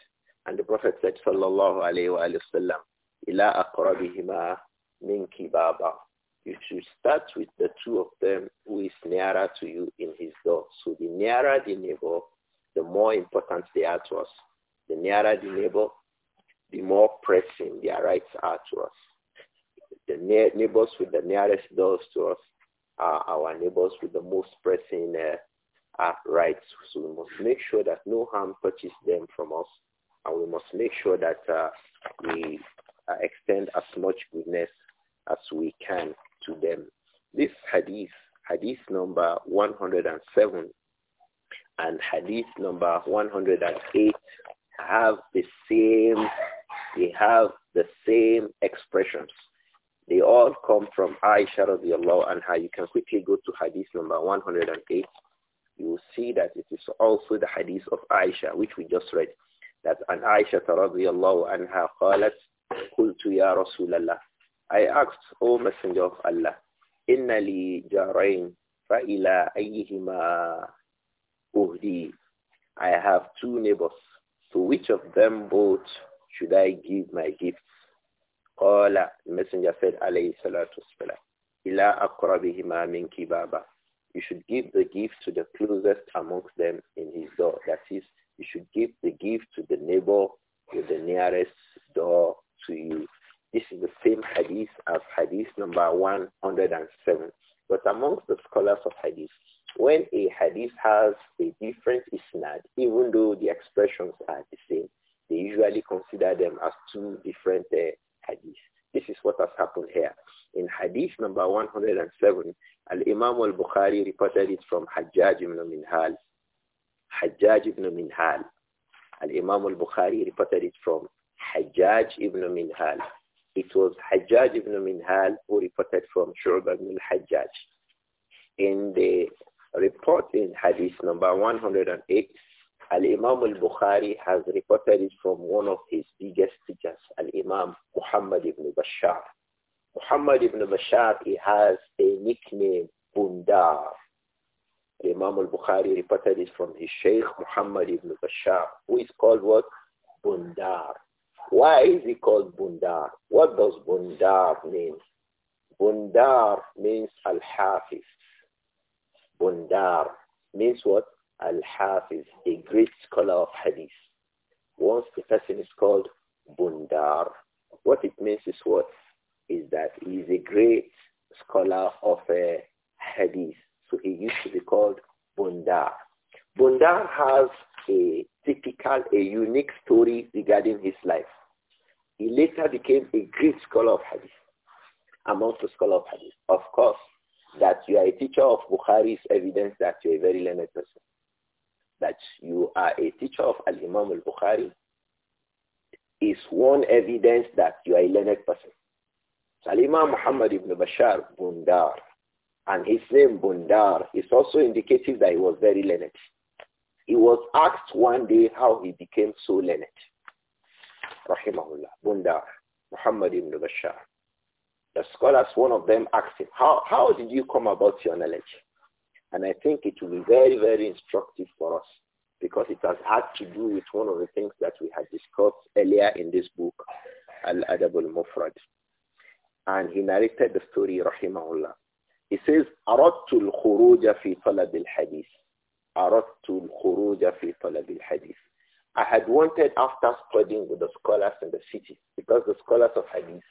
S1: And the Prophet said, Sallallahu wa sallam, إِلَىٰ أَقْرَبِهِمَا مِنْ كِبَابًا you should start with the two of them who is nearer to you in his door. So the nearer the neighbor, the more important they are to us. The nearer the neighbor, the more pressing their rights are to us. The neighbors with the nearest doors to us are our neighbors with the most pressing uh, uh rights. So we must make sure that no harm touches them from us, and we must make sure that uh, we uh, extend as much goodness as we can to them. This hadith, hadith number 107 and hadith number 108 have the same, they have the same expressions. They all come from Aisha radiallahu anha. You can quickly go to hadith number 108. You will see that it is also the hadith of Aisha, which we just read. That an Aisha radiallahu anha qalat, قلت يا رسول الله I asked, O Messenger of Allah, Inna li jarain ila ayyihima uhdi. I have two neighbors. To which of them both should I give my gifts? Qala, Messenger said, alayhi salatu wasalam, ila akrabihima min kibaba. You should give the gift to the closest amongst them in his door. That is, you should give the gift to the neighbor with the nearest door to you. This is the same hadith as hadith number 107. But amongst the scholars of hadith, when a hadith has a different isnad, even though the expressions are the same, they usually consider them as two different uh, hadiths. This is what has happened here. In hadith number 107, Al-Imam al-Bukhari reported it from Hajjaj ibn Minhal. Hajjaj ibn Minhal. Al-Imam al-Bukhari reported it from Hajjaj ibn Minhal. It was Hajjaj ibn Minhal who reported from Shu'b ibn al-Hajjaj. In the report in hadith number 108, Al-Imam al-Bukhari has reported it from one of his biggest teachers, Al-Imam Muhammad ibn Bashar. Muhammad ibn Bashar, he has a nickname, Bundar. Imam al-Bukhari reported it from his Sheikh Muhammad ibn Bashar, who is called what? Bundar. Why is he called Bundar? What does Bundar mean? Bundar means Al-Hafiz. Bundar means what? Al-Hafiz, a great scholar of hadith. Once the person is called Bundar, what it means is what? Is that he is a great scholar of uh, hadith. So he used to be called Bundar. Bundar has a typical, a unique story regarding his life. He later became a great scholar of hadith, amongst the scholars of hadith. Of course, that you are a teacher of Bukhari is evidence that you are a very learned person. That you are a teacher of Al-Imam al-Bukhari is one evidence that you are a learned person. So al Muhammad ibn Bashar Bundar and his name Bundar is also indicative that he was very learned. He was asked one day how he became so learned. Rahimahullah. Bundar. Muhammad ibn Bashar. The scholars, one of them asked him, how, how did you come about your knowledge? And I think it will be very, very instructive for us because it has had to do with one of the things that we had discussed earlier in this book, Al-Adab al-Mufrad. And he narrated the story, rahimahullah. He says, أردت الخروج في طلب الحديث. أردت الخروج في طلب الحديث. I had wanted after studying with the scholars in the city, because the scholars of hadith,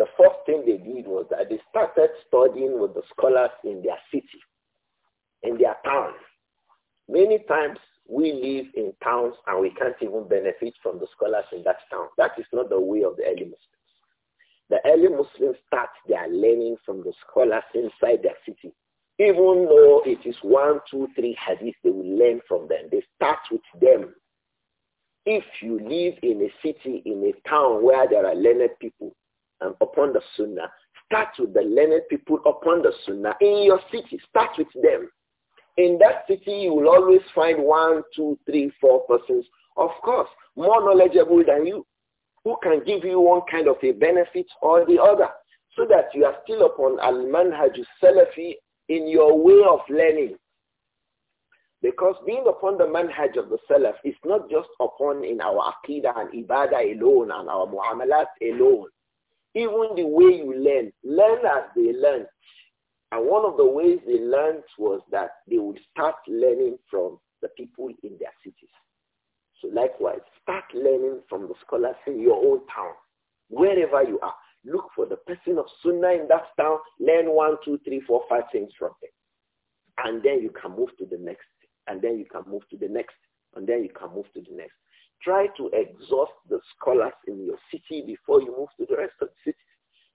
S1: the first thing they did was that they started studying with the scholars in their city, in their town. Many times we live in towns and we can't even benefit from the scholars in that town. That is not the way of the early Muslims. The early Muslims start their learning from the scholars inside their city. Even though it is one, two, three hadith, they will learn from them. They start with them. If you live in a city, in a town where there are learned people, and um, upon the sunnah. Start with the learned people upon the sunnah in your city. Start with them. In that city, you will always find one, two, three, four persons, of course, more knowledgeable than you, who can give you one kind of a benefit or the other, so that you are still upon al-manhaj salafi in your way of learning. Because being upon the manhaj of the Salaf is not just upon in our aqidah and ibadah alone and our muamalat alone. Even the way you learn, learn as they learn. And one of the ways they learned was that they would start learning from the people in their cities. So likewise, start learning from the scholars in your own town, wherever you are. Look for the person of Sunnah in that town, learn one, two, three, four, five things from them. And then you can move to the next, and then you can move to the next, and then you can move to the next. Try to exhaust the scholars in your city before you move to the rest of the city.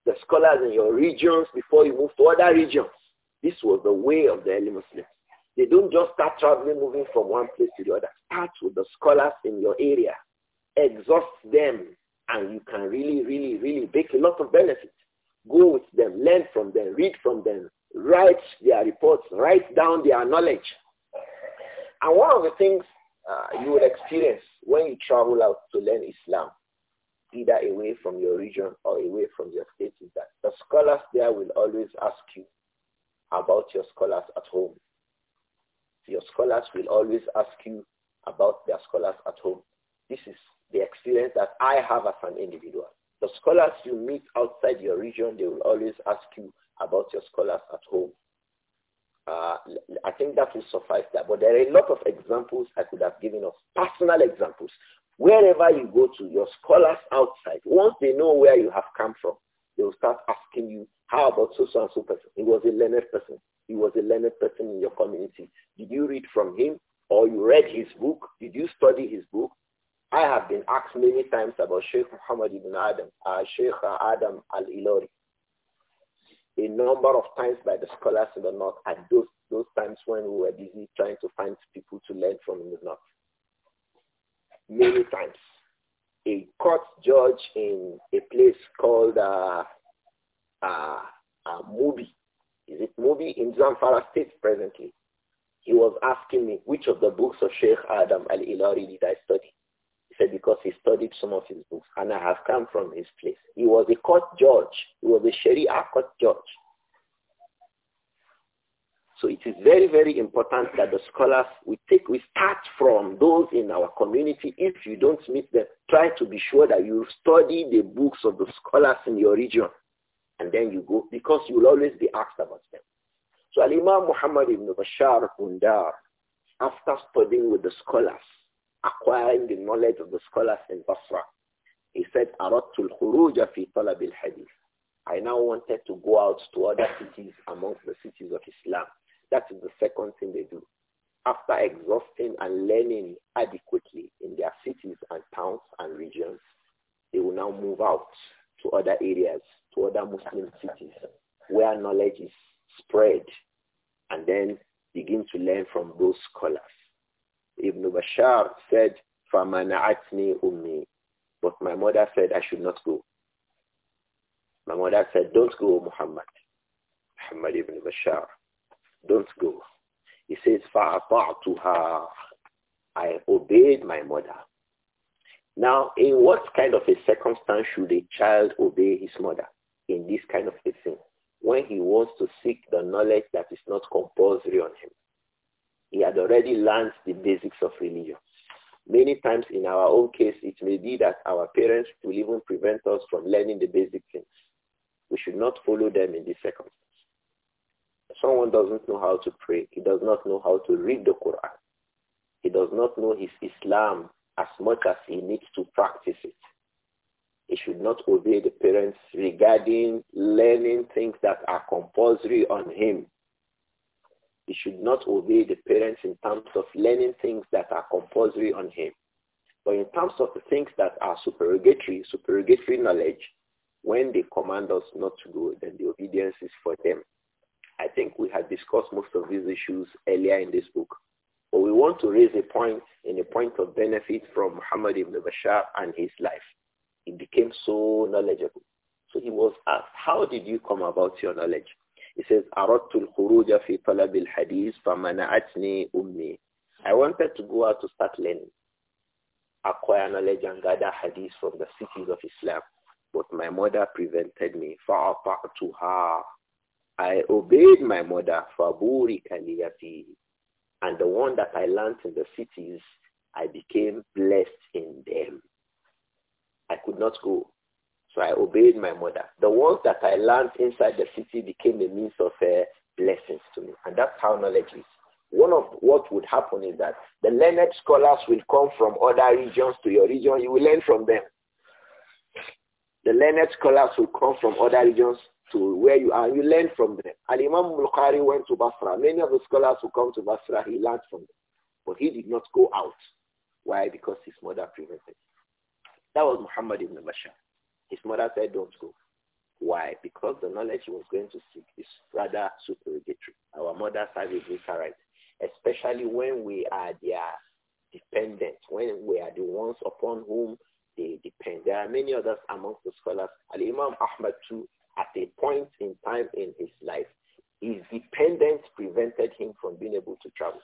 S1: The scholars in your regions before you move to other regions. This was the way of the early Muslims. They don't just start traveling, moving from one place to the other. Start with the scholars in your area. Exhaust them and you can really, really, really make a lot of benefits. Go with them, learn from them, read from them, write their reports, write down their knowledge. And one of the things uh, you will experience when you travel out to learn Islam, either away from your region or away from your state, is that the scholars there will always ask you about your scholars at home. Your scholars will always ask you about their scholars at home. This is the experience that I have as an individual. The scholars you meet outside your region, they will always ask you about your scholars at home. Uh, I think that will suffice that. But there are a lot of examples I could have given of personal examples. Wherever you go to, your scholars outside, once they know where you have come from, they will start asking you, how about so-so and so person? He was a learned person. He was a learned person in your community. Did you read from him? Or you read his book? Did you study his book? I have been asked many times about Sheikh Muhammad ibn Adam, uh, Sheikh Adam al-Ilori a number of times by the scholars in the north at those those times when we were busy trying to find people to learn from in the north. Many times. A court judge in a place called uh, uh, uh, Mubi. Is it Mubi in Zamfara State presently? He was asking me which of the books of Sheikh Adam al-Ilari did I study? said, because he studied some of his books and I have come from his place. He was a court judge. He was a Sharia court judge. So it is very, very important that the scholars, we take, we start from those in our community. If you don't meet them, try to be sure that you study the books of the scholars in your region. And then you go, because you will always be asked about them. So Al-Imam Muhammad ibn Bashar Bundar, after studying with the scholars, acquiring the knowledge of the scholars in Basra. He said, Aratul fi Talab al-Hadith. I now wanted to go out to other cities amongst the cities of Islam. That is the second thing they do. After exhausting and learning adequately in their cities and towns and regions, they will now move out to other areas, to other Muslim cities where knowledge is spread and then begin to learn from those scholars. Ibn Bashar said, فَمَنَعَتْنِي أُمِّي But my mother said, I should not go. My mother said, don't go, Muhammad. Muhammad ibn Bashar, don't go. He says, فَأَطَعْتُهَا I obeyed my mother. Now, in what kind of a circumstance should a child obey his mother? In this kind of a thing. When he wants to seek the knowledge that is not compulsory on him. He had already learned the basics of religion. Many times in our own case, it may be that our parents will even prevent us from learning the basic things. We should not follow them in this circumstance. Someone doesn't know how to pray. He does not know how to read the Quran. He does not know his Islam as much as he needs to practice it. He should not obey the parents regarding learning things that are compulsory on him. He should not obey the parents in terms of learning things that are compulsory on him. But in terms of the things that are supererogatory, supererogatory knowledge, when they command us not to do, it, then the obedience is for them. I think we had discussed most of these issues earlier in this book. But we want to raise a point and a point of benefit from Muhammad ibn Bashar and his life. He became so knowledgeable. So he was asked, how did you come about your knowledge? He says, أردت الخروج في طلب الحديث فمنعتني أمي. I wanted to go out to start learning, acquire knowledge and gather hadith from the cities of Islam. But my mother prevented me. فأطعتها. I obeyed my mother. فبورك لي فيه. And the one that I learned in the cities, I became blessed in them. I could not go. So I obeyed my mother. The ones that I learned inside the city became a means of uh, blessings to me. And that's how knowledge is. One of what would happen is that the learned scholars will come from other regions to your region. You will learn from them. The learned scholars will come from other regions to where you are. You learn from them. Al-Imam Bukhari went to Basra. Many of the scholars who come to Basra, he learned from them. But he did not go out. Why? Because his mother prevented. That was Muhammad ibn Bashar. His mother said, don't go. Why? Because the knowledge he was going to seek is rather supererogatory. Our mothers have a greater right, especially when we are their dependent, when we are the ones upon whom they depend. There are many others amongst the scholars. Al-Imam Ahmad too, at a point in time in his life, his dependence prevented him from being able to travel.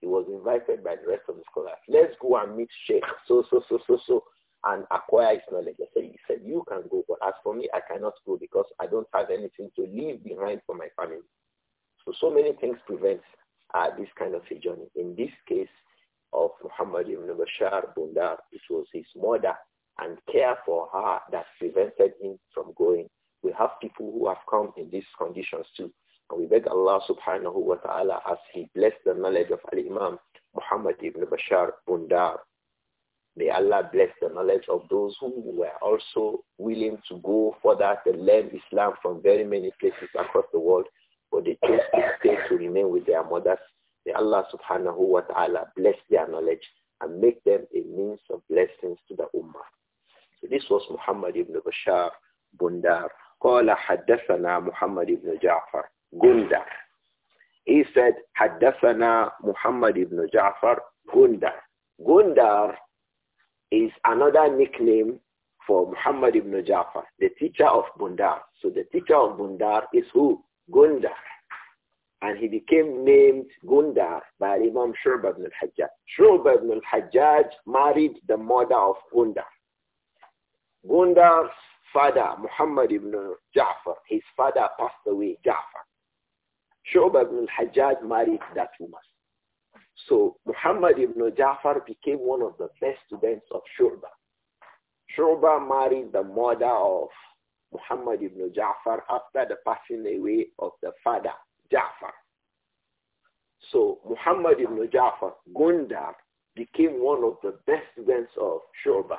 S1: He was invited by the rest of the scholars. Let's go and meet Sheikh so, so, so, so, so and acquire his knowledge. So he said, you can go, but as for me, I cannot go because I don't have anything to leave behind for my family. So, so many things prevent uh, this kind of a journey. In this case of Muhammad ibn Bashar Bundar, it was his mother and care for her that prevented him from going. We have people who have come in these conditions too. And we beg Allah subhanahu wa ta'ala as he blessed the knowledge of Al-Imam Muhammad ibn Bashar Bundar May Allah bless the knowledge of those who were also willing to go further to learn Islam from very many places across the world, but they chose to stay to remain with their mothers. May Allah subhanahu wa ta'ala bless their knowledge and make them a means of blessings to the Ummah. So this was Muhammad ibn Bashar Bundar. قال حدثنا محمد بن جعفر جندر. He said حدثنا محمد بن جعفر Gundar. Gundar is another nickname for Muhammad ibn Ja'far, the teacher of Bundar. So the teacher of Bundar is who? Gundar. And he became named Gundar by Imam Shurba ibn al-Hajjaj. Shurba ibn al-Hajjaj married the mother of Gundar. Gundar's father, Muhammad ibn Ja'far, his father passed away, Ja'far. Shurba ibn al-Hajjaj married that woman. So Muhammad ibn Ja'far became one of the best students of Shurba. Shurba married the mother of Muhammad ibn Ja'far after the passing away of the father, Ja'far. So Muhammad ibn Ja'far, Gundar, became one of the best students of Shurba.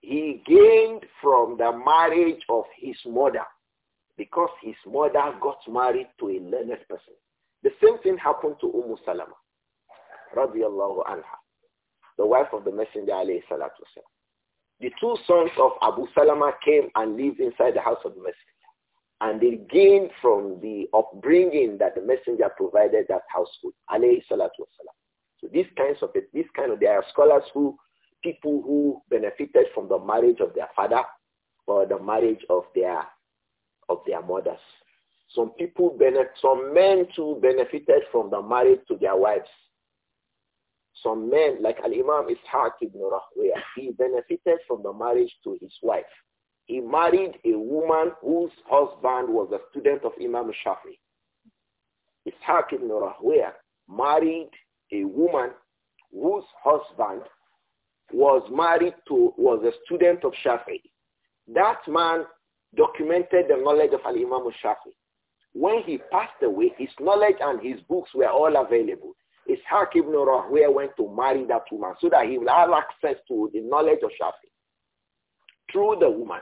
S1: He gained from the marriage of his mother because his mother got married to a learned person. The same thing happened to Umm Salama radiallahu anha, the wife of the messenger alayhi salatu wasalam. The two sons of Abu Salama came and lived inside the house of the messenger. And they gained from the upbringing that the messenger provided that household, alayhi salatu wasalam. So these kinds of, these kind of, there are scholars who, people who benefited from the marriage of their father or the marriage of their, of their mothers. Some people benefit, some men too benefited from the marriage to their wives some men like Al-Imam Ishaq ibn Rahwayah, he benefited from the marriage to his wife. He married a woman whose husband was a student of Imam Shafi. Ishaq ibn Rahwayah married a woman whose husband was married to, was a student of Shafi. That man documented the knowledge of Al-Imam Shafi. When he passed away, his knowledge and his books were all available. Ishaq ibn Rahway went to marry that woman so that he will have access to the knowledge of Shafi through the woman.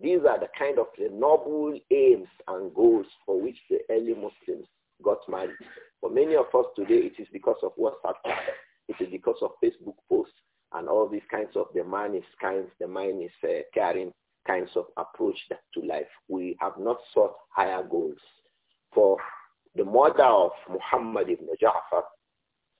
S1: These are the kind of the noble aims and goals for which the early Muslims got married. For many of us today, it is because of WhatsApp. It is because of Facebook posts and all these kinds of the man is kind, the mind is uh, caring kinds of approach to life. We have not sought higher goals for the mother of Muhammad ibn Ja'far,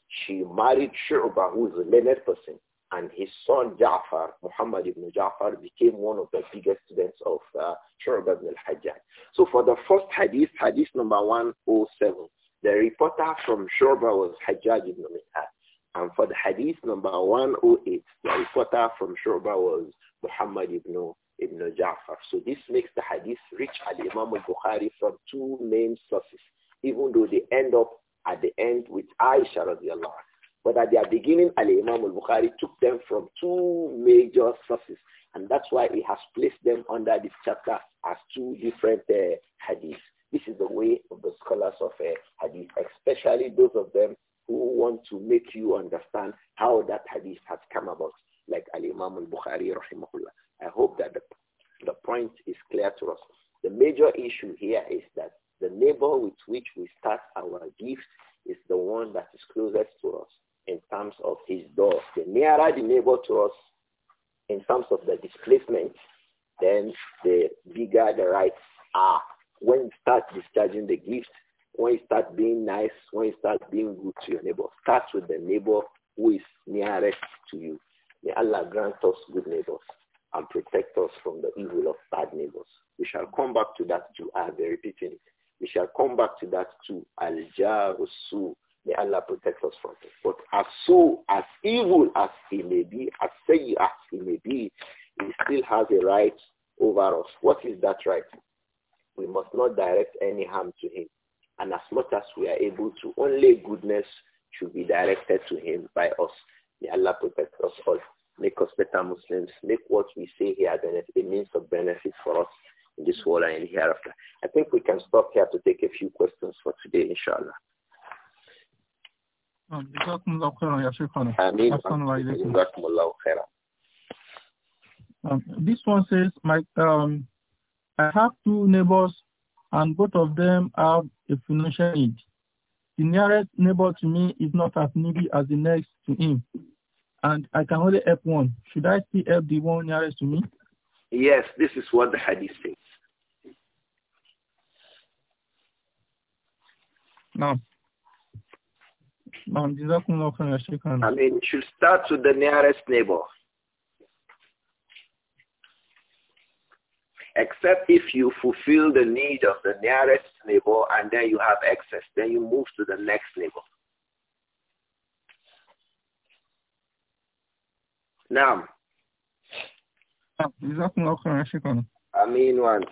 S1: she married Shu'ba, who is a learned person, and his son Ja'far, Muhammad ibn Ja'far, became one of the biggest students of uh, Shu'bah ibn al-Hajjaj. So for the first hadith, hadith number 107, the reporter from Shu'ba was Hajjaj ibn Minhaj. And for the hadith number 108, the reporter from Shu'ba was Muhammad ibn, ibn Ja'far. So this makes the hadith reach Al-Imam al-Bukhari from two main sources even though they end up at the end with Aisha radiallahu But at their beginning, Ali imam al-Bukhari took them from two major sources. And that's why he has placed them under this chapter as two different uh, hadiths. This is the way of the scholars of uh, hadith, especially those of them who want to make you understand how that hadith has come about, like Ali imam al-Bukhari rahimahullah. I hope that the, the point is clear to us. The major issue here is that the neighbor with which we start our gift is the one that is closest to us in terms of his door. The nearer the neighbor to us in terms of the displacement, then the bigger the rights are. When you start discharging the gift, when you start being nice, when you start being good to your neighbor, start with the neighbor who is nearest to you. May Allah grant us good neighbors and protect us from the evil of bad neighbors. We shall come back to that to add the repeating it. We shall come back to that too. Al-Jarusu. May Allah protect us from it. But as so, as evil as he may be, as say as he may be, he still has a right over us. What is that right? We must not direct any harm to him. And as much as we are able to, only goodness should be directed to him by us. May Allah protect us all. Make us better Muslims. Make what we say here a means of benefit for us in this world and in the hereafter. I think we can stop here to take a few questions for today, inshallah. Um, um, this one says, my, um, I have two neighbors and both of them have a financial need. The nearest neighbor to me is not as needy as the next to him, and I can only help one. Should I still help the one nearest to me? Yes, this is what the hadith says. I mean, you should start with the nearest neighbor. Except if you fulfill the need of the nearest neighbor and then you have excess, then you move to the next neighbor. Now, I mean, one.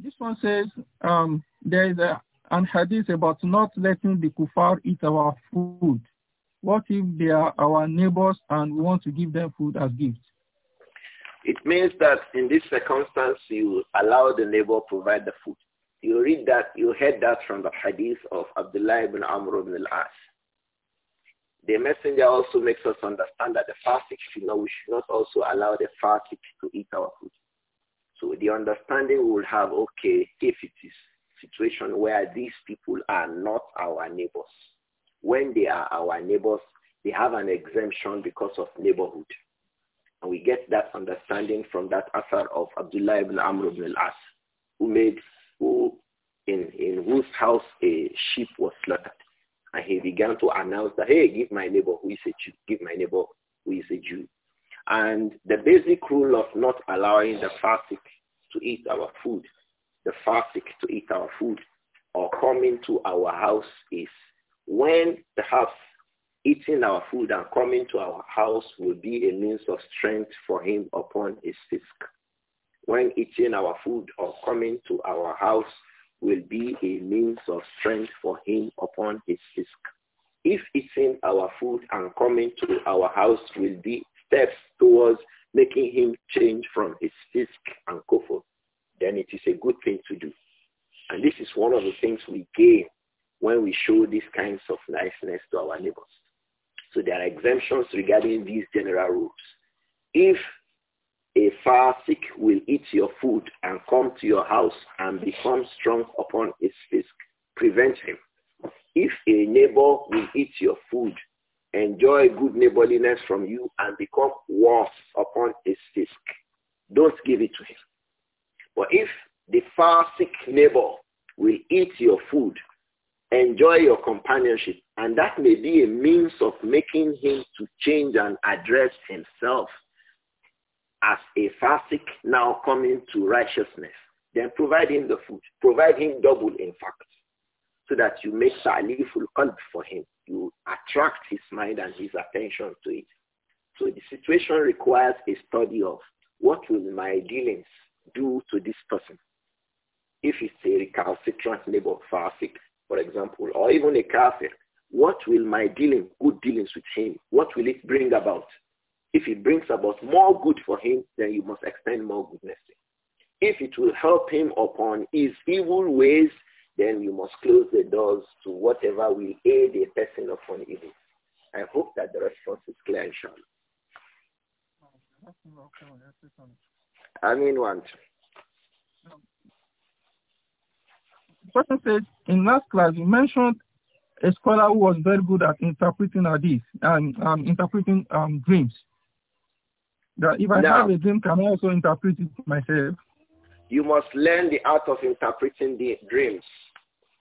S1: This one says um, there is a and hadith about not letting the kuffar eat our food. What if they are our neighbors and we want to give them food as gifts? It means that in this circumstance, you allow the neighbor provide the food. You read that, you heard that from the hadith of Abdullah ibn Amr ibn al-As. The messenger also makes us understand that the fasting should not, we should not also allow the fasting to eat our food. So the understanding will have, okay, if it is situation where these people are not our neighbors. When they are our neighbors, they have an exemption because of neighborhood. And we get that understanding from that author of Abdullah ibn Amr ibn al-As, who made, who, in, in whose house a sheep was slaughtered. And he began to announce that, hey, give my neighbor who is a Jew, give my neighbor who is a Jew. And the basic rule of not allowing the fasik to eat our food the fasik to eat our food or coming to our house is when perhaps eating our food and coming to our house will be a means of strength for him upon his fisk. When eating our food or coming to our house will be a means of strength for him upon his fisk. If eating our food and coming to our house will be steps towards making him change from his fisk and kufr then it is a good thing to do. And this is one of the things we gain when we show these kinds of niceness to our neighbors. So there are exemptions regarding these general rules. If a sick will eat your food and come to your house and become strong upon his fisk, prevent him. If a neighbor will eat your food, enjoy good neighborliness from you and become worse upon his fisk, don't give it to him. But if the far sick neighbor will eat your food, enjoy your companionship, and that may be a means of making him to change and address himself as a sick now coming to righteousness, then provide him the food. Provide him double, in fact, so that you make saliful qalb for him. You attract his mind and his attention to it. So the situation requires a study of what will my dealings do to this person. If it's a recalcitrant neighbor, Fasik, for example, or even a kafir, what will my dealing, good dealings with him, what will it bring about? If it brings about more good for him, then you must extend more goodness to him. If it will help him upon his evil ways, then you must close the doors to whatever will aid a person upon evil. I hope that the response is clear, inshallah mean wants. The person said, in last class, you mentioned a scholar who was very good at interpreting hadith and um, interpreting um, dreams. That if I now, have a dream, can I also interpret it myself? You must learn the art of interpreting the dreams.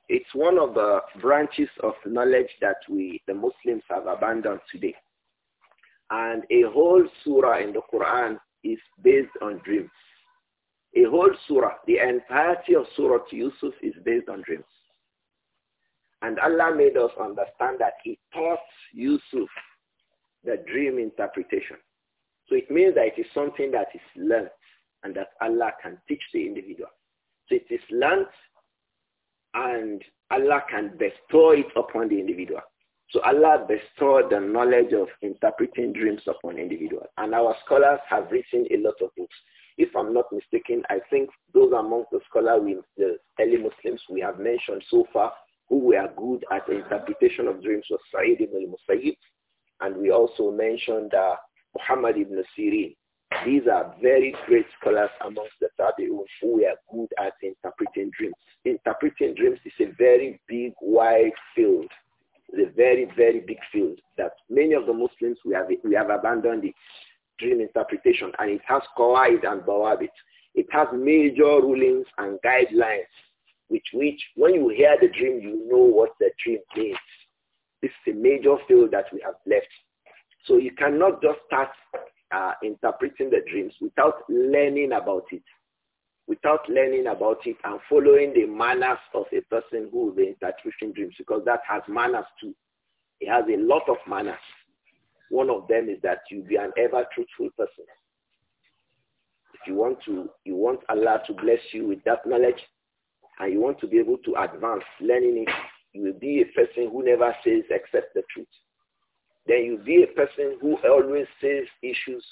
S1: It's one of the branches of knowledge that we, the Muslims, have abandoned today. And a whole surah in the Quran is based on dreams. A whole surah, the entirety of Surah Yusuf is based on dreams. And Allah made us understand that he taught Yusuf the dream interpretation. So it means that it is something that is learned and that Allah can teach the individual. So it is learned and Allah can bestow it upon the individual. So Allah bestowed the knowledge of interpreting dreams upon individuals. And our scholars have written a lot of books. If I'm not mistaken, I think those among the scholars, we, the early Muslims we have mentioned so far, who were good at interpretation of dreams was Sa'id ibn al-Musayyib. And we also mentioned uh, Muhammad ibn Sirin. These are very great scholars amongst the Tabi'un who were good at interpreting dreams. Interpreting dreams is a very big, wide field is a very, very big field that many of the Muslims, we have, we have abandoned the dream interpretation, and it has collided and bawabit. It has major rulings and guidelines which, which when you hear the dream, you know what the dream means. This is a major field that we have left. So you cannot just start uh, interpreting the dreams without learning about it without learning about it and following the manners of a person who is interpreting dreams because that has manners too. It has a lot of manners. One of them is that you be an ever truthful person. If you want to, you want Allah to bless you with that knowledge and you want to be able to advance learning it, you will be a person who never says except the truth. Then you'll be a person who always says issues,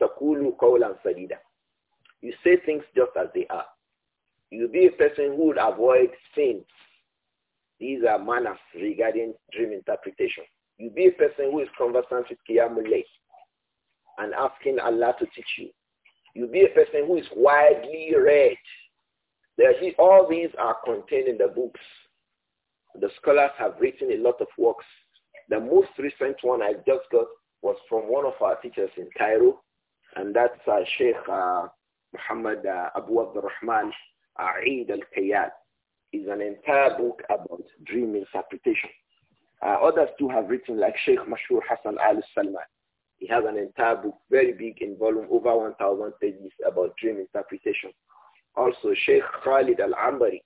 S1: takulu qawlan sadida you say things just as they are. You be a person who would avoid sins. These are manners regarding dream interpretation. You be a person who is conversant with Qiyamulay and asking Allah to teach you. You be a person who is widely read. all these are contained in the books. The scholars have written a lot of works. The most recent one I just got was from one of our teachers in Cairo, and that's uh, Sheikh uh, Muhammad uh, Abu rahman A'id uh, al-Qayyad. is an entire book about dream interpretation. Uh, others too have written like Sheikh Mashur Hassan al-Salman. He has an entire book, very big in volume, over 1,000 pages about dream interpretation. Also, Sheikh Khalid al-Ambari,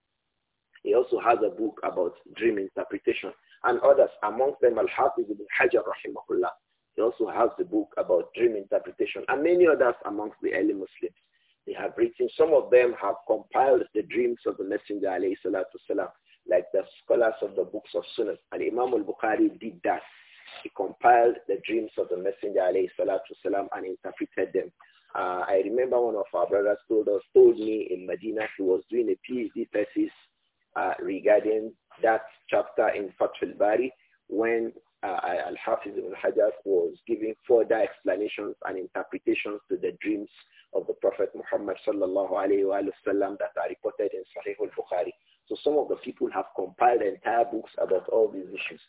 S1: he also has a book about dream interpretation. And others, amongst them Al-Hafiz ibn Hajar rahimahullah. He also has the book about dream interpretation and many others amongst the early Muslims. They have written, some of them have compiled the dreams of the Messenger, alayhi salatu salam, like the scholars of the books of Sunnah. And Imam al-Bukhari did that. He compiled the dreams of the Messenger, alayhi salatu salam, and interpreted them. Uh, I remember one of our brothers told us, told me in Medina, he was doing a PhD thesis uh, regarding that chapter in Fatul Bari when uh, Al-Hafiz ibn Hajar was giving further explanations and interpretations to the dreams of the Prophet Muhammad sallallahu alayhi wa sallam that are reported in Sahih al-Bukhari. So some of the people have compiled entire books about all these issues.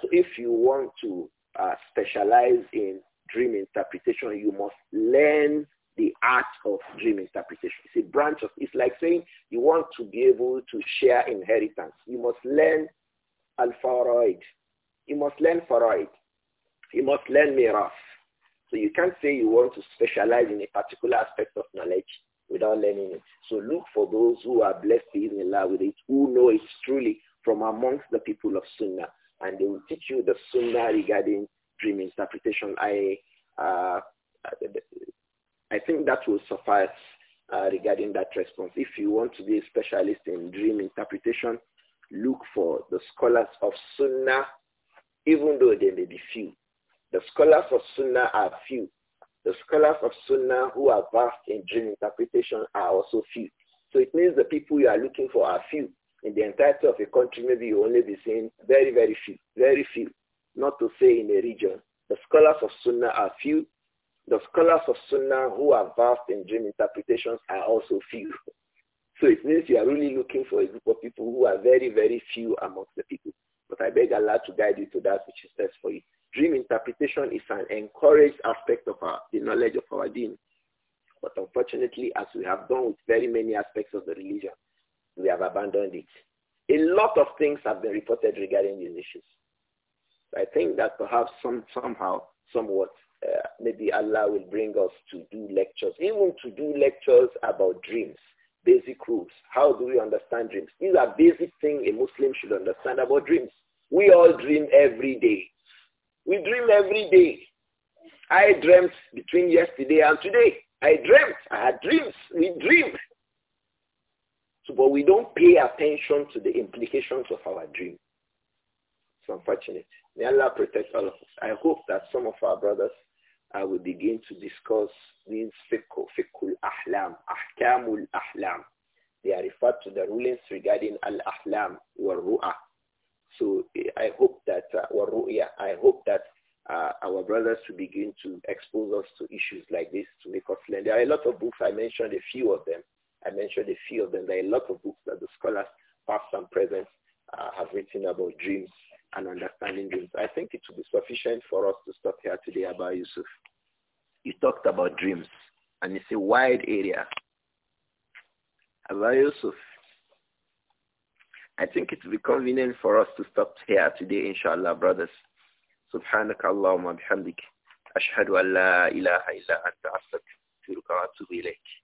S1: So if you want to uh, specialize in dream interpretation, you must learn the art of dream interpretation. It's a branch of, it's like saying you want to be able to share inheritance. You must learn al You must learn faraid. You must learn miraf. So you can't say you want to specialize in a particular aspect of knowledge without learning it. So look for those who are blessed in Allah with it, who know it truly from amongst the people of Sunnah. And they will teach you the Sunnah regarding dream interpretation. I, uh, I think that will suffice uh, regarding that response. If you want to be a specialist in dream interpretation, look for the scholars of Sunnah, even though they may be few. The scholars of Sunnah are few. The scholars of Sunnah who are vast in dream interpretation are also few. So it means the people you are looking for are few. In the entirety of a country, maybe you only be seeing very, very few, very few, not to say in a region. The scholars of Sunnah are few. The scholars of Sunnah who are vast in dream interpretations are also few. So it means you are really looking for a group of people who are very, very few amongst the people. But I beg Allah to guide you to that which is best for you. Dream interpretation is an encouraged aspect of our, the knowledge of our deen. But unfortunately, as we have done with very many aspects of the religion, we have abandoned it. A lot of things have been reported regarding these issues. I think that perhaps some, somehow, somewhat, uh, maybe Allah will bring us to do lectures, even to do lectures about dreams, basic rules. How do we understand dreams? These are basic things a Muslim should understand about dreams. We all dream every day. We dream every day. I dreamt between yesterday and today. I dreamt. I had dreams. We dream. So, but we don't pay attention to the implications of our dream. It's unfortunate. May Allah protect all of us. I hope that some of our brothers will begin to discuss these fiqhul ahlam, ahkamul ahlam. They are referred to the rulings regarding al-ahlam or ru'ah. So I hope that uh, I hope that uh, our brothers will begin to expose us to issues like this to make us learn. There are a lot of books. I mentioned a few of them. I mentioned a few of them. There are a lot of books that the scholars, past and present, uh, have written about dreams and understanding dreams. I think it will be sufficient for us to stop here today about Yusuf. You talked about dreams, and it's a wide area. About Yusuf, I think it will be convenient for us to stop here today, inshallah, brothers. سبحانك اللهم وبحمدك أشهد أن لا إله إلا أنت أستغفرك وأتوب إليك